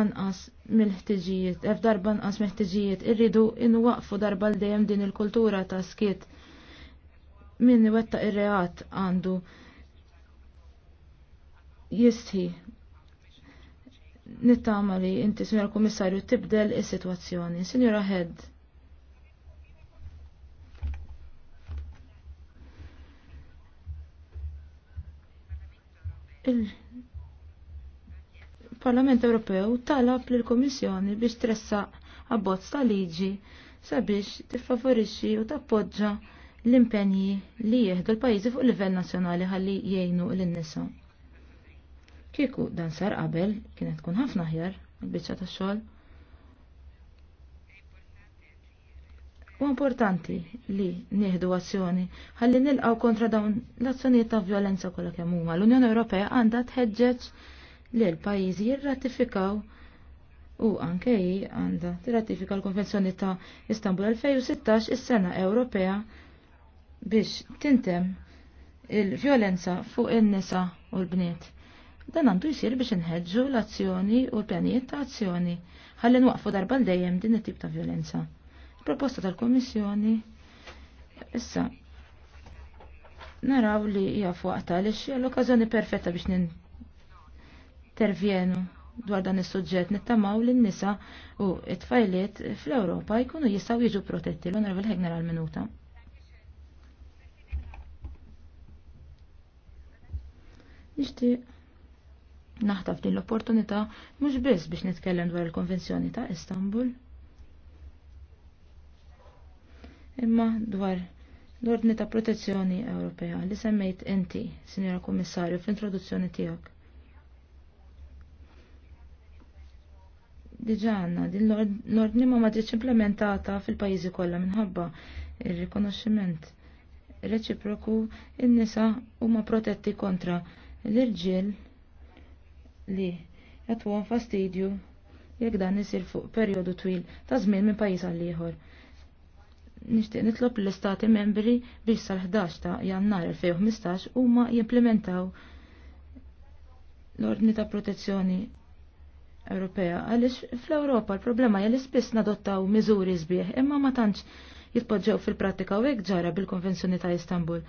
anqas mill-ħtiġijiet, elf darba anqas mill-ħtiġijiet, irridu inwaqfu darba l dejjem din il-kultura ta' skiet. minn wetta ir-reat għandu jistħi nittama li inti, signora Komissarju, tibdel is-sitwazzjoni. Signora Head. Il-Parlament Ewropew talab lill komissjoni biex tressa abbozz ta' liġi sabiex tiffavorixxi u tappoġġa l-impenji li jieħdu l-pajjiżi fuq livell nazzjonali ħalli jgħinu lin-nisa. Kieku dan sar qabel kienet tkun ħafna ħjar il-biċċa tax-xogħol. U importanti li nieħdu azzjoni ħalli nilqgħu kontra dawn l-azzjonijiet ta' violenza kollha kemm huma. L-Unjoni Ewropea għandha tħeġġeġ li l-pajjiżi jirratifikaw u anke hi għandha tirratifika l-Konvenzjoni ta' Istanbul 2016 is-sena Ewropea biex tintem il-violenza fuq in-nisa u l-bniet. Dan għandu jisir biex nħedġu l-azzjoni u l-pjanijiet ta' azzjoni ħalli nwaqfu darba dejjem din it-tip ta' violenza. Proposta tal komissjoni issa naraw li hija għata li xie l-okkażjoni perfetta biex nintervjenu dwar dan is-suġġett nittamaw lin nisa u t-tfajliet fl-Ewropa jkunu jistgħu jiġu protetti l-Onorevol Hegner għal minuta. Nixtieq Naħtaf din l-opportunità mhux biss biex nitkellem dwar il-Konvenzjoni ta' Istanbul, imma dwar l-ordni ta' protezzjoni Ewropea li semmejt inti, Sinjora Kummissarju, fl-introduzzjoni tiegħek. Diġà għandna din l-ordni ma maġiċ implementata fil-pajjiżi kollha minħabba ir-rikonoxximent reċiproku in-nisa huma protetti kontra l-irġiel li għan fastidju jekk dan isir fuq perjodu twil ta' żmien minn pajjiż għal ieħor. Nixtieq nitlob l-istati membri biex sal-11 ta' jannar 2015 huma jimplementaw l-ordni ta' protezzjoni Ewropea għaliex fl-Ewropa l-problema hija li spiss nadottaw miżuri sbieħ imma ma tantx jitpoġġew fil-prattika u hekk ġara bil-Konvenzjoni ta' Istanbul.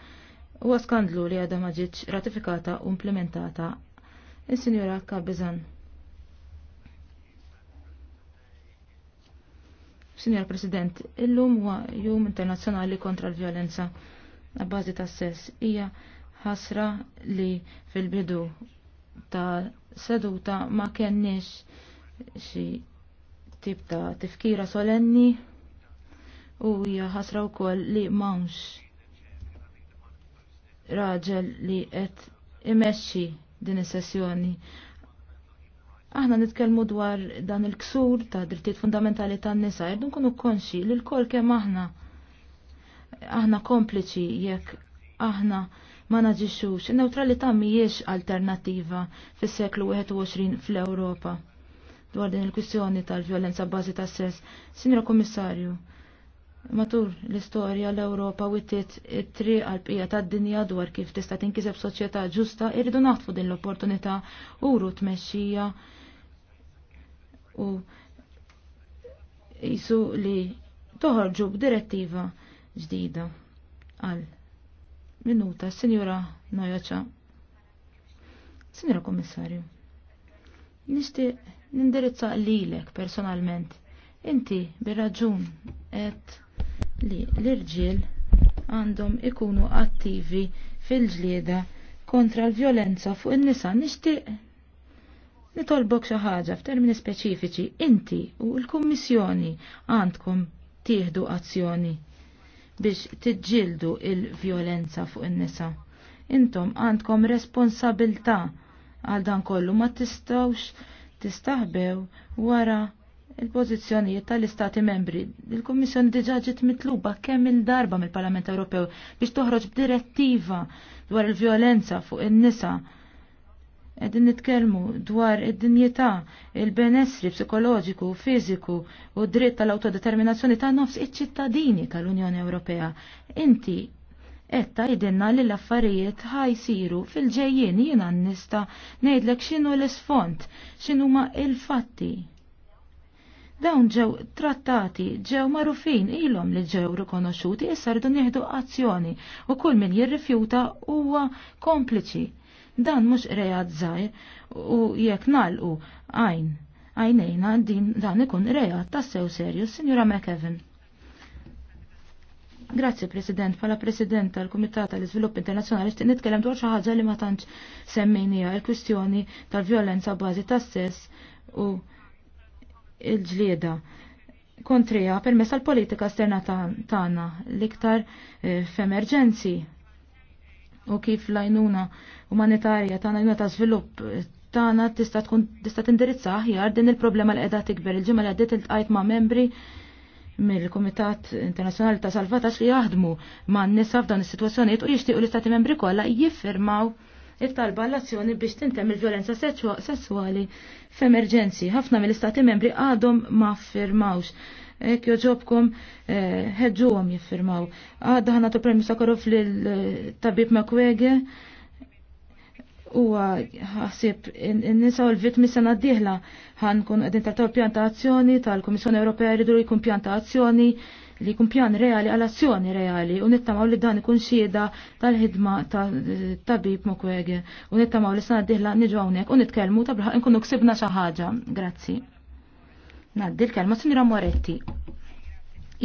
Huwa skandlu li għadha ma ġietx ratifikata u implementata il sinjora Kabizan. Sinjor President, illum huwa Jum Internazzjonali kontra l-Vjolenza għabbażi ta' sess hija ħasra li fil-bidu ta' seduta ma kenniex xi tip ta' tifkira solenni u hija ħasra wkoll li m'hawnx raġel li qed imexxi din is-sessjoni. Aħna nitkellmu dwar dan il-ksur ta' drittijiet fundamentali tan-nisa, irdu nkunu konxi li l-kol kemm aħna aħna kompliċi jekk aħna ma naġixxux. In-neutralità mhijiex alternattiva fis-seklu 21 fl-Ewropa. Dwar din il-kwistjoni tal-vjolenza bażi tas-sess, Sinra Kummissarju, Matul l-istorja l-Ewropa wittiet it-triq għal-bqija tad-dinja dwar kif tista' tinkiseb soċjetà ġusta, irridu naħtfu din l-opportunità uru tmexxija u jisu li toħorġu b'direttiva ġdida għal minuta, Sinjura Nojoċa. Sinjura Kommissarju, nixtieq nindirizza lilek personalment. Inti bir-raġun et li l-irġiel għandhom ikunu attivi fil-ġlieda kontra l-vjolenza fuq in-nisa nixtieq nitolbok xi ħaġa f'termini speċifiċi inti u l-Kummissjoni għandkom tieħdu azzjoni biex tiġġieldu il-vjolenza fuq in-nisa. Intom għandkom responsabilta' għal dan kollu ma tistawx tistaħbew wara il-pożizzjonijiet tal-Istati membri. Il-Kummissjoni diġa ġiet mitluba kemm il-darba mill-Parlament Ewropew biex toħroġ b'direttiva dwar il-vjolenza fuq in-nisa. Qegħdin nitkellmu dwar id-dinjità, il-benessri psikoloġiku, fiżiku u dritt tal-autodeterminazzjoni ta' nofs iċ-ċittadini tal-Unjoni Ewropea. Inti qed tgħidilna li l-affarijiet ħajsiru fil-ġejjien jiena nista ngħidlek x'inhu l-isfond, x'inhuma il-fatti. Dawn ġew trattati, ġew marufin ilhom li ġew rikonoxxuti issa rridu nieħdu azzjoni u kull min jirrifjuta huwa kompliċi. Dan mhux rejat żgħir u jekk nalqu għajn għajnejna din dan ikun rejat ta' sew serju, Sinjura McEvin. Grazzi President, pala President tal-Kumitat tal-Iżvilupp Internazzjonali xtiq nitkellem dwar xi ħaġa li ma tantx semmejnija l-kwistjoni tal-vjolenza bażi tas-sess u il-ġlieda kontrija permess tal politika esterna tagħna l-iktar eh, f'emerġenzi u kif l-għajnuna umanitarja tagħna jnuna ta' żvilupp eh, tagħna tista' tkun tista' tindirizza aħjar din il-problema li qiegħda tikber il-ġimgħa li għaddiet iltqajt ma' membri mill-Kumitat Internazzjonali ta' Salvataġġ li jaħdmu ma' nisa f'dan is-sitwazzjonijiet u jixtiequ l-istati membri kollha jiffirmaw it-talba l-azzjoni biex tintem il-violenza sessuali f'emerġenzi. Ħafna mill-istati membri għadhom ma firmawx. Ek joġobkom għom eh, jiffirmaw. Għadda ħana tu premju Sakarov lil-tabib eh, Makwege huwa għasib in-nisa u l-vittmi sena d-dieħla ħankun qegħdin pjanta azzjoni tal-Kummissjoni Ewropea jridu jkun pjanta azzjoni li jkun pjan reali għal azzjoni reali u nittamaw li dan ikun xieda tal-ħidma ta' tabib kwege u nittamaw li sena diħla niġu hawnhekk u nitkellmu ta' braħ nkunu ksibna xi ħaġa. Grazzi. Naddi l-kelma Sinjura Moretti.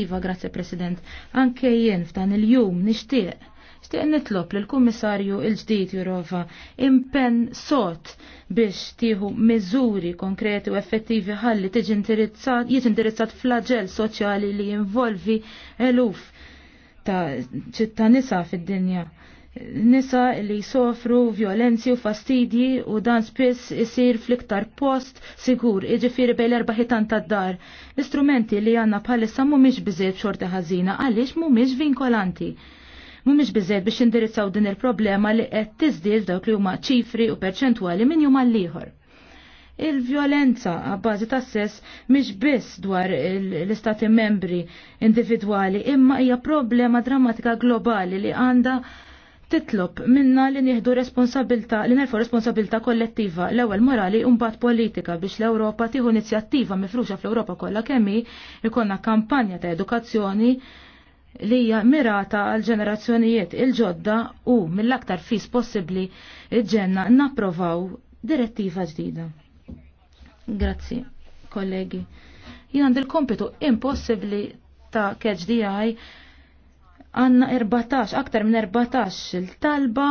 Iva, grazzi President. Anke jien f'dan il-jum nixtieq Xtieq nitlob lill kummissarju il-ġdid Jurova impenn sot biex tieħu miżuri konkreti u effettivi ħalli tiġi indirizzat jiġi indirizzat soċjali li jinvolvi eluf ta' ċitta nisa fid-dinja. Nisa li jsofru violenzi u fastidji u dan spiss isir fl-iktar post sigur iġifiri bej l-erba ħitan tad-dar. L-istrumenti li għanna bħalissa mhumiex biżejt xorta ħażina għaliex mhumiex vinkolanti mhumiex bizzed biex indirizzaw din il-problema li qed tiżdied dawk li huma ċifri u perċentwali minn jum għal ieħor. Il-vjolenza għabbażi ta' sess mhix biss dwar l-istati membri individwali imma hija problema drammatika globali li għandha titlob minna li nieħdu responsabilta li nerfu responsabilta kollettiva l-ewwel morali u mbagħad politika biex l-Ewropa tieħu inizjattiva mifruxa fl-Ewropa kollha kemm hi kampanja ta' edukazzjoni li hija mirata għal ġenerazzjonijiet il-ġodda u mill-aktar fis possibbli ġenna napprovaw direttiva ġdida. Grazzi, kollegi. Jien għandil il-kompitu impossibbli ta' KHDI għanna 14, aktar minn 14 il-talba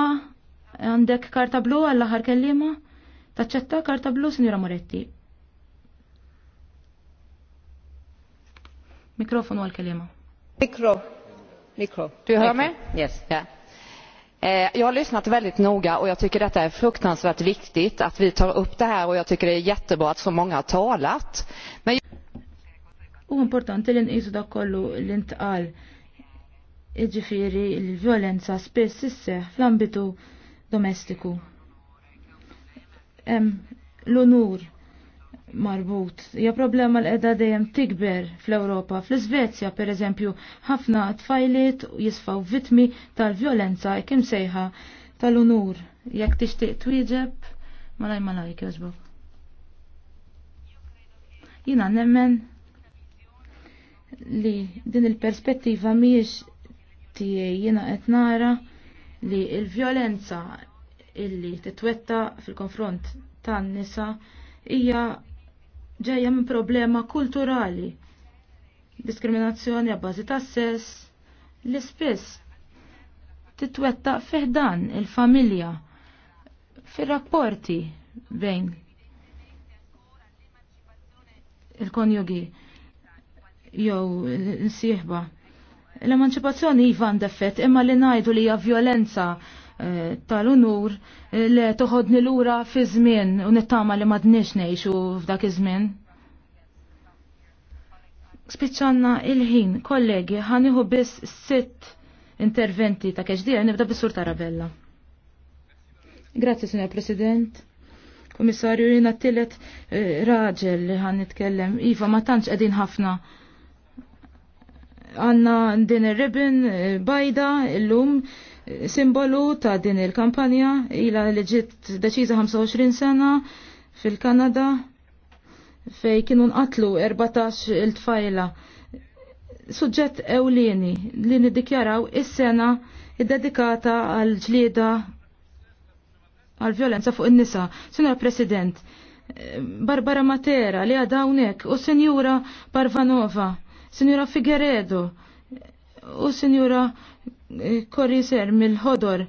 għandek karta blu għall ħar kellima? Taċċetta karta blu, Sinjora Moretti. Mikrofonu għal-kelima. Eh, jag har lyssnat väldigt noga och jag tycker detta är fruktansvärt viktigt att vi tar upp det här och jag tycker det är jättebra att så många har talat. Men... U importanti li nqisu dak kollu li ntqal iġifieri l-violenza spiss isseħ fl-ambitu domestiku. Hemm l-unur marbut. Ja problema l-edha dejjem tikber fl-Ewropa. Fl-Svezja, per eżempju, ħafna tfajliet jisfaw vitmi tal-violenza kim sejħa tal-unur. Jekk tixtieq twieġeb, malaj malaj kjożbok. Jina nemmen li din il-perspettiva miex tiegħi jiena qed nara li l-vjolenza illi titwetta fil-konfront tan-nisa hija ġejja minn problema kulturali, diskriminazzjoni għabbażi ta' sess, li spiss titwetta fiħdan il-familja, fir-rapporti bejn il-konjugi jew il-sieħba. l emancipazzjoni jivan defett imma li najdu li hija violenza Eh, tal-unur eh, li toħodni lura fi żmien u nittama li madniex ngħixu f'dak iż-żmien. Spiċċanna il-ħin, kollegi, ħaniħu biss sitt interventi ta' keġdija, nibda bis-sur Tarabella. Grazzi, Signor President. Komissarju, jina t-tillet eh, raġel li ħan nitkellem. Iva, ma tantx qegħdin ħafna għanna din il-ribbon bajda illum Simbolu ta' din il-kampanja ila li ġiet deċiża 25 sena fil-Kanada fej kienu nqatlu 14 il-tfajla. Suġġett ewlieni li niddikjaraw is-sena id-dedikata għal ġlieda għal violenza fuq in-nisa. Sinjor President, Barbara Matera, li għadawnek, u Senjura Parvanova, Senjura Figueredo, u Sinjura Korriser eh, mill-ħodor.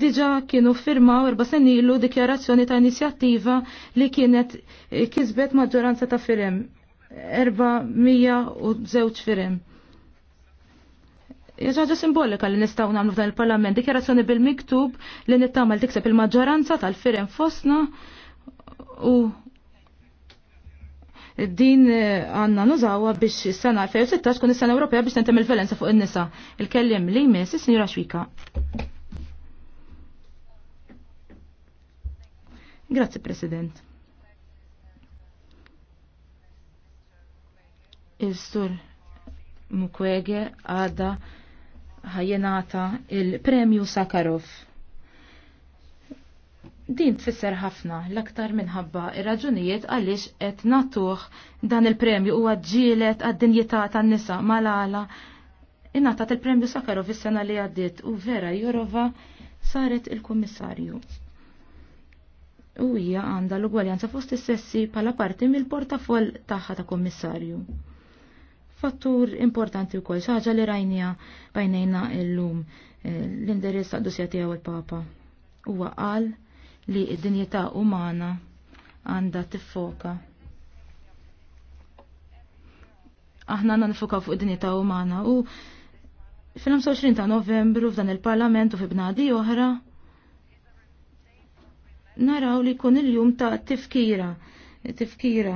Diġa kienu firmaw erba senilu dikjarazzjoni ta' inizjattiva li kienet eh, kisbet maġġoranza ta' firem. Erba mija u zewċ firem. Jaġaġa simbolika li nistaw namlu f'dan il-parlament, dikjarazzjoni bil-miktub li nittamal tikseb il-maġġoranza tal-firem fosna u din eh, għanna nużawa biex s-sena 2016 tkun is-sena Ewropea biex tentem il-violenza fuq in-nisa. Il-kellim li jmiss is-sinjura Xwika. Grazzi President. il sur Mukwege għada ħajjenata il-Premju Sakharov. Din tfisser ħafna l-aktar minħabba ir-raġunijiet għaliex qed natuh dan il-premju huwa ġielet għad-dinjità tan-nisa malala. Innatat il-premju Sakarov is-sena li għaddiet u Vera Jorova saret il-kummissarju. U hija għandha l-ugwaljanza fost is-sessi bħala parti mill-portafoll tagħha ta' kummissarju. Fattur importanti wkoll xi ħaġa li rajnija bajnejna llum eh, l-indirizz ta' dosja tiegħu il-Papa. Huwa qal li id-dinjità umana għandha tiffoka. Aħna għandna nifoka fuq id-dinjità umana u fil-25 ta' novembru f'dan il-parlament u fi bnadi oħra naraw li kun il-jum ta' tifkira, tifkira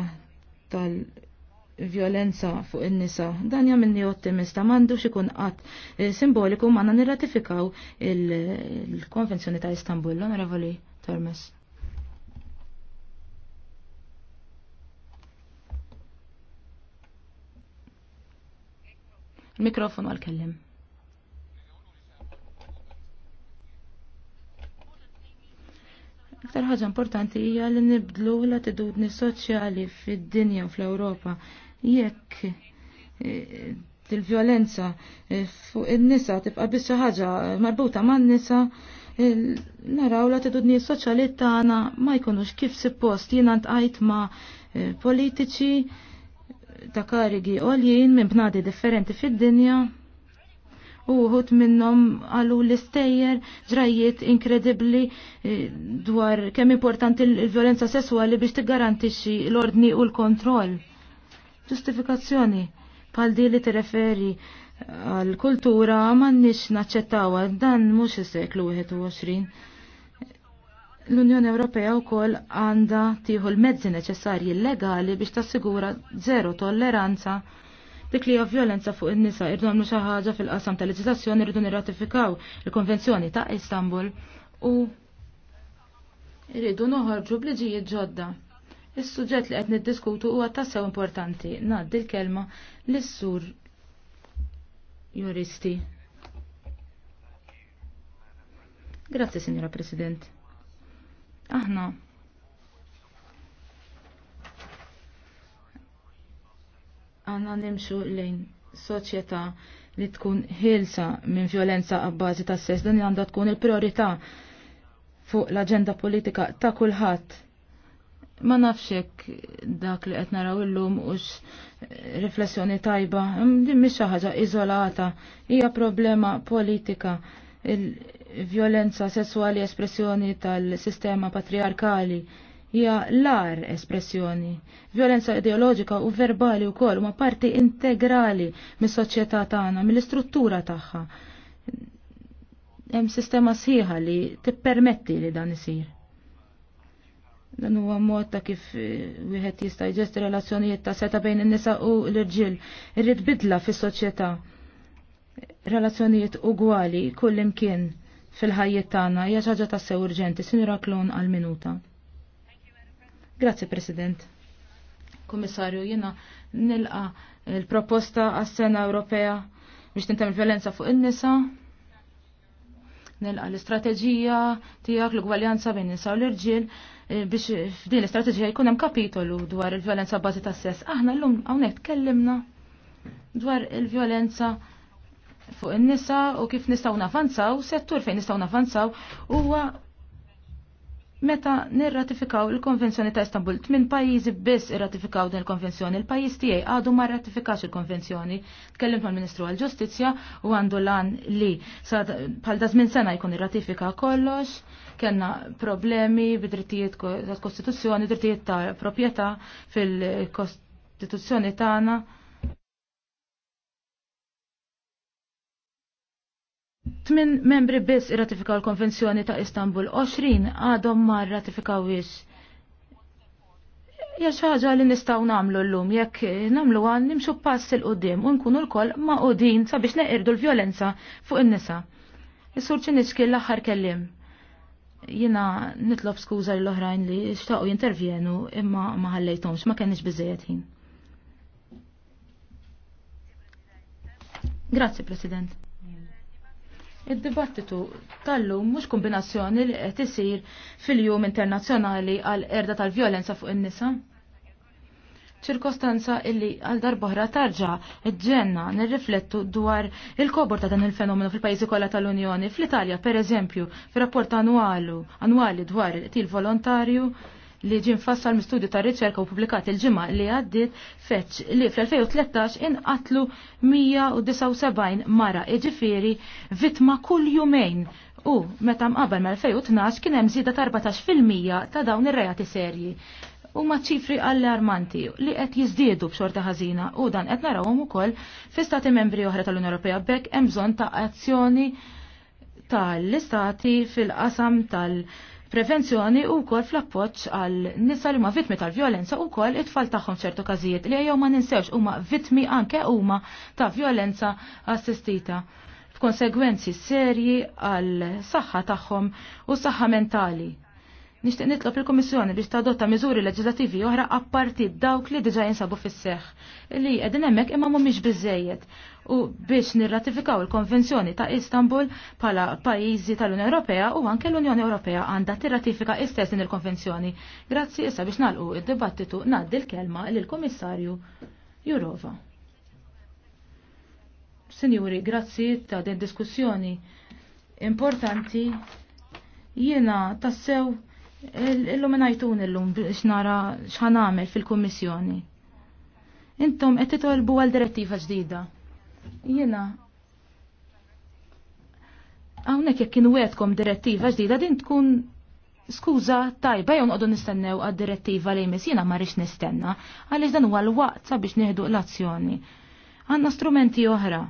tal-violenza fuq in-nisa. Dan jagħmilni ottimista m'għandux ikun qatt eh, simboliku ma nirratifikaw il-Konvenzjoni ta' Istanbul, onorevoli. Termes. Il-mikrofon għal-kellim. Iktar ħaġa importanti hija li nibdlu l-attitudni soċjali fid-dinja fl-Ewropa. Jekk eh, il-violenza eh, fuq in-nisa tibqa' biss xi ħaġa marbuta man-nisa, naraw la tidudni soċjali tagħna ma jkunux kif post jina ntqajt ma' eh, politiċi ta' karigi għoljien minn bnadi differenti fid-dinja uħut minnom għallu l-istejjer ġrajiet inkredibli eh, dwar kemm importanti l-violenza sessuali biex tiggarantixxi l-ordni u l-kontroll. Ġustifikazzjoni pal di li tirreferi għal-kultura m'għandniex naċċettawha dan mhux is-seklu 21. L-Unjoni Ewropea wkoll għandha tieħu l-mezzi neċessarji legali biex tassigura zero tolleranza dik li violenza fuq in-nisa irdu għamlu xi ħaġa fil-qasam tal leġislazzjoni irdu nirratifikaw il-Konvenzjoni ta' Istanbul u irridu noħorġu bliġijiet ġodda. Is-suġġett li qed niddiskutu huwa tassew importanti. Ngħaddi l-kelma lis-sur juristi. Grazie, Signora President. Aħna. Aħna nimxu lejn soċjetà li tkun ħilsa minn violenza għabbażi tas sess dan għandha tkun il-priorità fuq l-aġenda politika ta' kulħadd ma nafxek dak li qed naraw illum ux riflessjoni tajba, din mhix xi ħaġa iżolata, hija problema politika. Il-vjolenza sessuali espressjoni tal-sistema patriarkali hija lar espressjoni. Vjolenza ideoloġika u verbali wkoll huma parti integrali mis-soċjetà tagħna, mill-istruttura tagħha. Hemm sistema sħiħa li tippermetti li dan isir. Dan huwa mod ta' kif eh, wieħed jista' jġesti relazzjonijiet ta' seta' bejn in-nisa u l-irġiel. Irrid bidla fis-soċjetà. Relazzjonijiet ugwali kull imkien fil-ħajjiet tagħna hija xi ħaġa tassew urġenti. Sinjura Klon għal minuta. Grazzi President. Komissarju, jiena nilqa l-proposta għas-sena Ewropea biex tintem il-violenza fuq in-nisa nilqa l-istrateġija tiegħek l-gwaljanza bejn nisa u l-irġiel Eh, biex f'din l-istrateġija jkun hemm kapitolu dwar il-vjolenza bażi tas sess. Aħna llum hawnhekk tkellimna dwar il-vjolenza fuq in-nisa u kif nistgħu navanzaw, settur fejn nistgħu navanzaw huwa meta nirratifikaw il-Konvenzjoni ta' Istanbul. Tmin pajjiżi biss irratifikaw din il-konvenzjoni. Il-pajjiż tiegħi għadu ma rratifikax il-konvenzjoni. Tkellimt mal-Ministru għall-Ġustizzja u għandu lan li sa bħal da żmien sena jkun irratifika kollox. kellna problemi bid-drittijiet kostituzzjoni, drittijiet ta' proprjetà fil-kostituzzjoni tagħna. min membri biss irratifikaw l-Konvenzjoni ta' Istanbul, 20 għadhom ma rratifikawiex. Ja ħaġa li nistgħu nagħmlu llum jekk nagħmlu għan nimxu pass il qudiem u nkunu lkoll ma' qudin sabiex neqirdu l-vjolenza fuq in-nisa. Is-sur ċiniċki l-aħħar kellim. Jiena nitlob skuża l-oħrajn li xtaqgħu jintervjenu imma ma ħallejthomx ma kenniex biżejjed ħin. Grazzi, President. Id-dibattitu tal-lum mhux kombinazzjoni li qed isir fil-Jum Internazzjonali għal erda tal-vjolenza fuq in-nisa. Ċirkostanza illi għal darbohra tarġa ġenna nirriflettu dwar il-kobor ta' dan il-fenomenu fil-pajjiżi kollha tal-Unjoni. Fl-Italja, per eżempju, fir-rapport annwali dwar il-qtil volontarju, li ġin fassal mistudju ta' riċerka u publikat il-ġimgħa li għaddit feċ li fl-2013 inqatlu 179 mara iġifiri vitma kull jumejn u meta mqabel mal-2012 kien hemm żieda ta' 14% ta' dawn ir-reati serji. U ma ċifri allarmanti li qed jiżdiedu b'xorta ħażina u dan qed narawhom ukoll fi stati membri oħra tal-Unjoni Ewropea bekk hemm bżonn ta' azzjoni tal-istati fil-qasam tal-, -qasam tal prevenzjoni u kol fl-appoċ għal nisa li ma vitmi tal-violenza u kol it-tfal taħħom ċertu kazijiet li għajom ma ninsewx u ma vitmi anke u ma ta' violenza assistita f'konsegwenzi serji għal saħħa taħħom u saħħa mentali. Nixtieq nitlob il-Kummissjoni biex tadotta miżuri leġislattivi oħra apparti dawk li diġà jinsabu fis-seħħ li qegħdin hemmhekk imma mhumiex biżejjed u biex nirratifikaw il-Konvenzjoni ta' Istanbul bħala pajjiżi tal-Unjoni Ewropea u anke l-Unjoni Ewropea għandha tirratifika istess din il-Konvenzjoni. Grazzi issa biex nagħlqu id-dibattitu ngħaddi l-kelma lill-Kummissarju Jurova. Sinjuri, grazzi ta' din diskussjoni importanti jiena tassew Illum illum x'nara nara x'ħan għamel fil-Kummissjoni. Intom qed titolbu għal direttiva ġdida. Jiena hawnhekk jekk kien wetkom direttiva ġdida din tkun skuża tajba jgħun nqogħdu nistennew għad-direttiva li jmiss jiena ma rix nistenna għaliex dan huwa l-waqt sabiex nieħdu l-azzjoni. Għandna strumenti oħra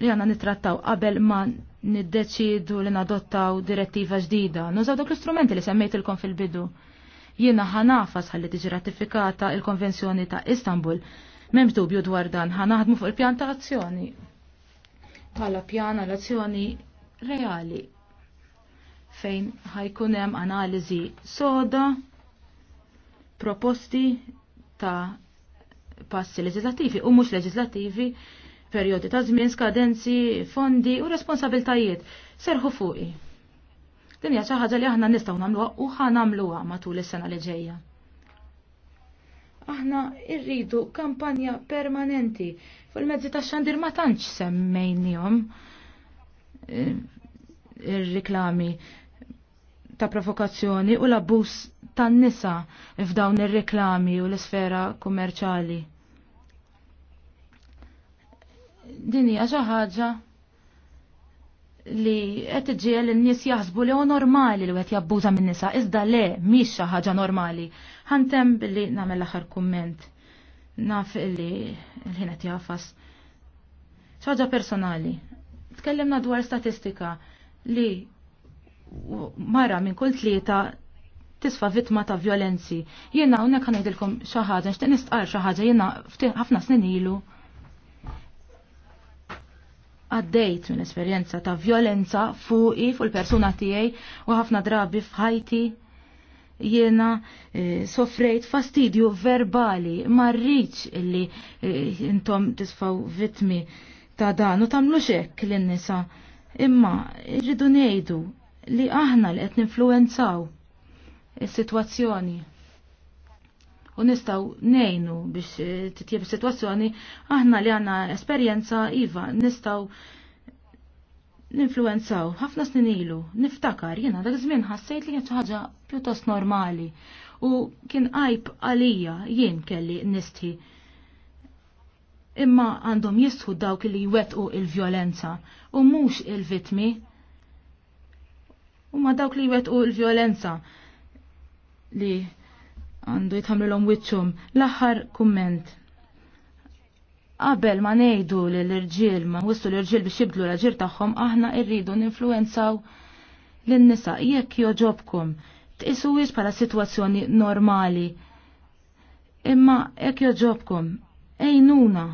li għanna nitrattaw qabel ma niddeċidu li nadottaw direttiva ġdida. Nużaw dak l-istrumenti li semmejtilkom fil-bidu. Jiena ħanafas ħalli tiġi ratifikata il-Konvenzjoni ta' Istanbul. Memx dubju dwar dan ħanaħdmu fuq il-pjan ta' azzjoni. Pala pjana l-azzjoni reali fejn ħajkunem hemm analiżi soda, proposti ta' passi leġislativi u mhux leġislativi perjodi ta' żmien, skadenzi, fondi u responsabiltajiet serħu fuqi. Din hija xi ħaġa li aħna nistgħu nagħmluha u ħa nagħmluha matul is-sena li ġejja. Aħna rridu kampanja permanenti fil-mezzi tax-xandir ma tantx semmejnihom e, ir-riklami ta' provokazzjoni u l-abbuż tan-nisa f'dawn ir-riklami u l-isfera kummerċali din hija xi ħaġa li qed iġiel n-nis jaħsbu li huwa normali li għet jabbuża min-nisa, iżda le mhix xi ħaġa normali. Għantem billi nagħmel l-aħħar kumment. Naf li l ħinet qed jafas. Xaġa personali. Tkellimna dwar statistika li mara minn kull tlieta tisfa vittma ta' violenzi. Jena, hawnhekk ħanejdilkom xi ħaġa, nixtieq nistqar xi ħaġa jiena ħafna snin ilu għaddejt minn esperjenza ta' violenza fuqi fuq il-persuna tiegħi u ħafna drabi f'ħajti jiena sofrejt eh, soffrejt fastidju verbali ma rridx illi eh, intom tisfaw vitmi ta' dan u tamlu xekk lin-nisa imma rridu ngħidu li aħna li qed ninfluenzaw is-sitwazzjoni u nistaw nejnu biex eh, titjib situazzjoni aħna li għanna esperjenza iva nistaw ninfluenzaw ħafna snin ilu niftakar jena dak żmien ħassejt li kienet ħaġa pjuttost normali u kien qajb għalija jien kelli nisti imma għandhom jistħu dawk li jwetqu il-vjolenza u mhux il-vitmi u ma dawk li jwetqu il-vjolenza li għandu jitħamlilhom wiċċhom. L-aħħar kumment. Qabel ma ngħidu li l-irġiel ma wistu l-irġiel biex jibdlu l-aġir tagħhom aħna rridu ninfluenzaw lin-nisa jekk joġobkom tqisu wiex bħala sitwazzjoni normali. Imma jekk joġobkom ejnuna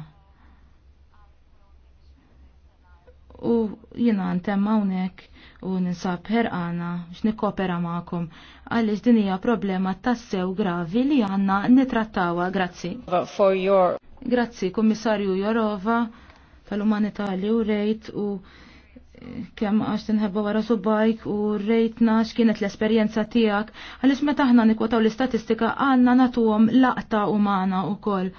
u jina ntem hawnhekk u ninsab ħerqana biex nikkopera magħkom għaliex din hija problema tassew gravi li għandna nitrattawa grazzi. For your Grazzi Kummissarju Jorova tal-Umanità li u rejt eh, u kemm għax tinħebba wara subajk u rejtna x'kienet l-esperjenza tiegħek għaliex meta aħna nikwotaw l-istatistika għandna natuhom laqta umana wkoll.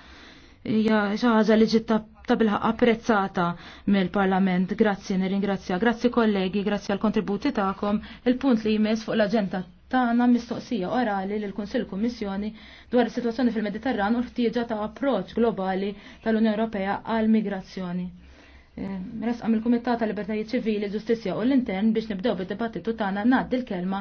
Ja xi ħaġa li ġittab ta' bilħa apprezzata mill-Parlament. Grazzi, nirringrazzja. Grazzi kollegi, grazzi għal kontributi ta'kom. Il-punt li jmess fuq l-agenda tagħna mistoqsija orali lil kunsill Kummissjoni dwar is-sitwazzjoni fil-Mediterran u l-ħtieġa ta' approċċ globali tal-Unjoni Ewropea għal migrazzjoni. Eh, Resqa mill-Kumitat tal Libertajiet Ċivili, Ġustizzja u l-Intern biex nibdew bid debattitu tagħna ngħaddi l-kelma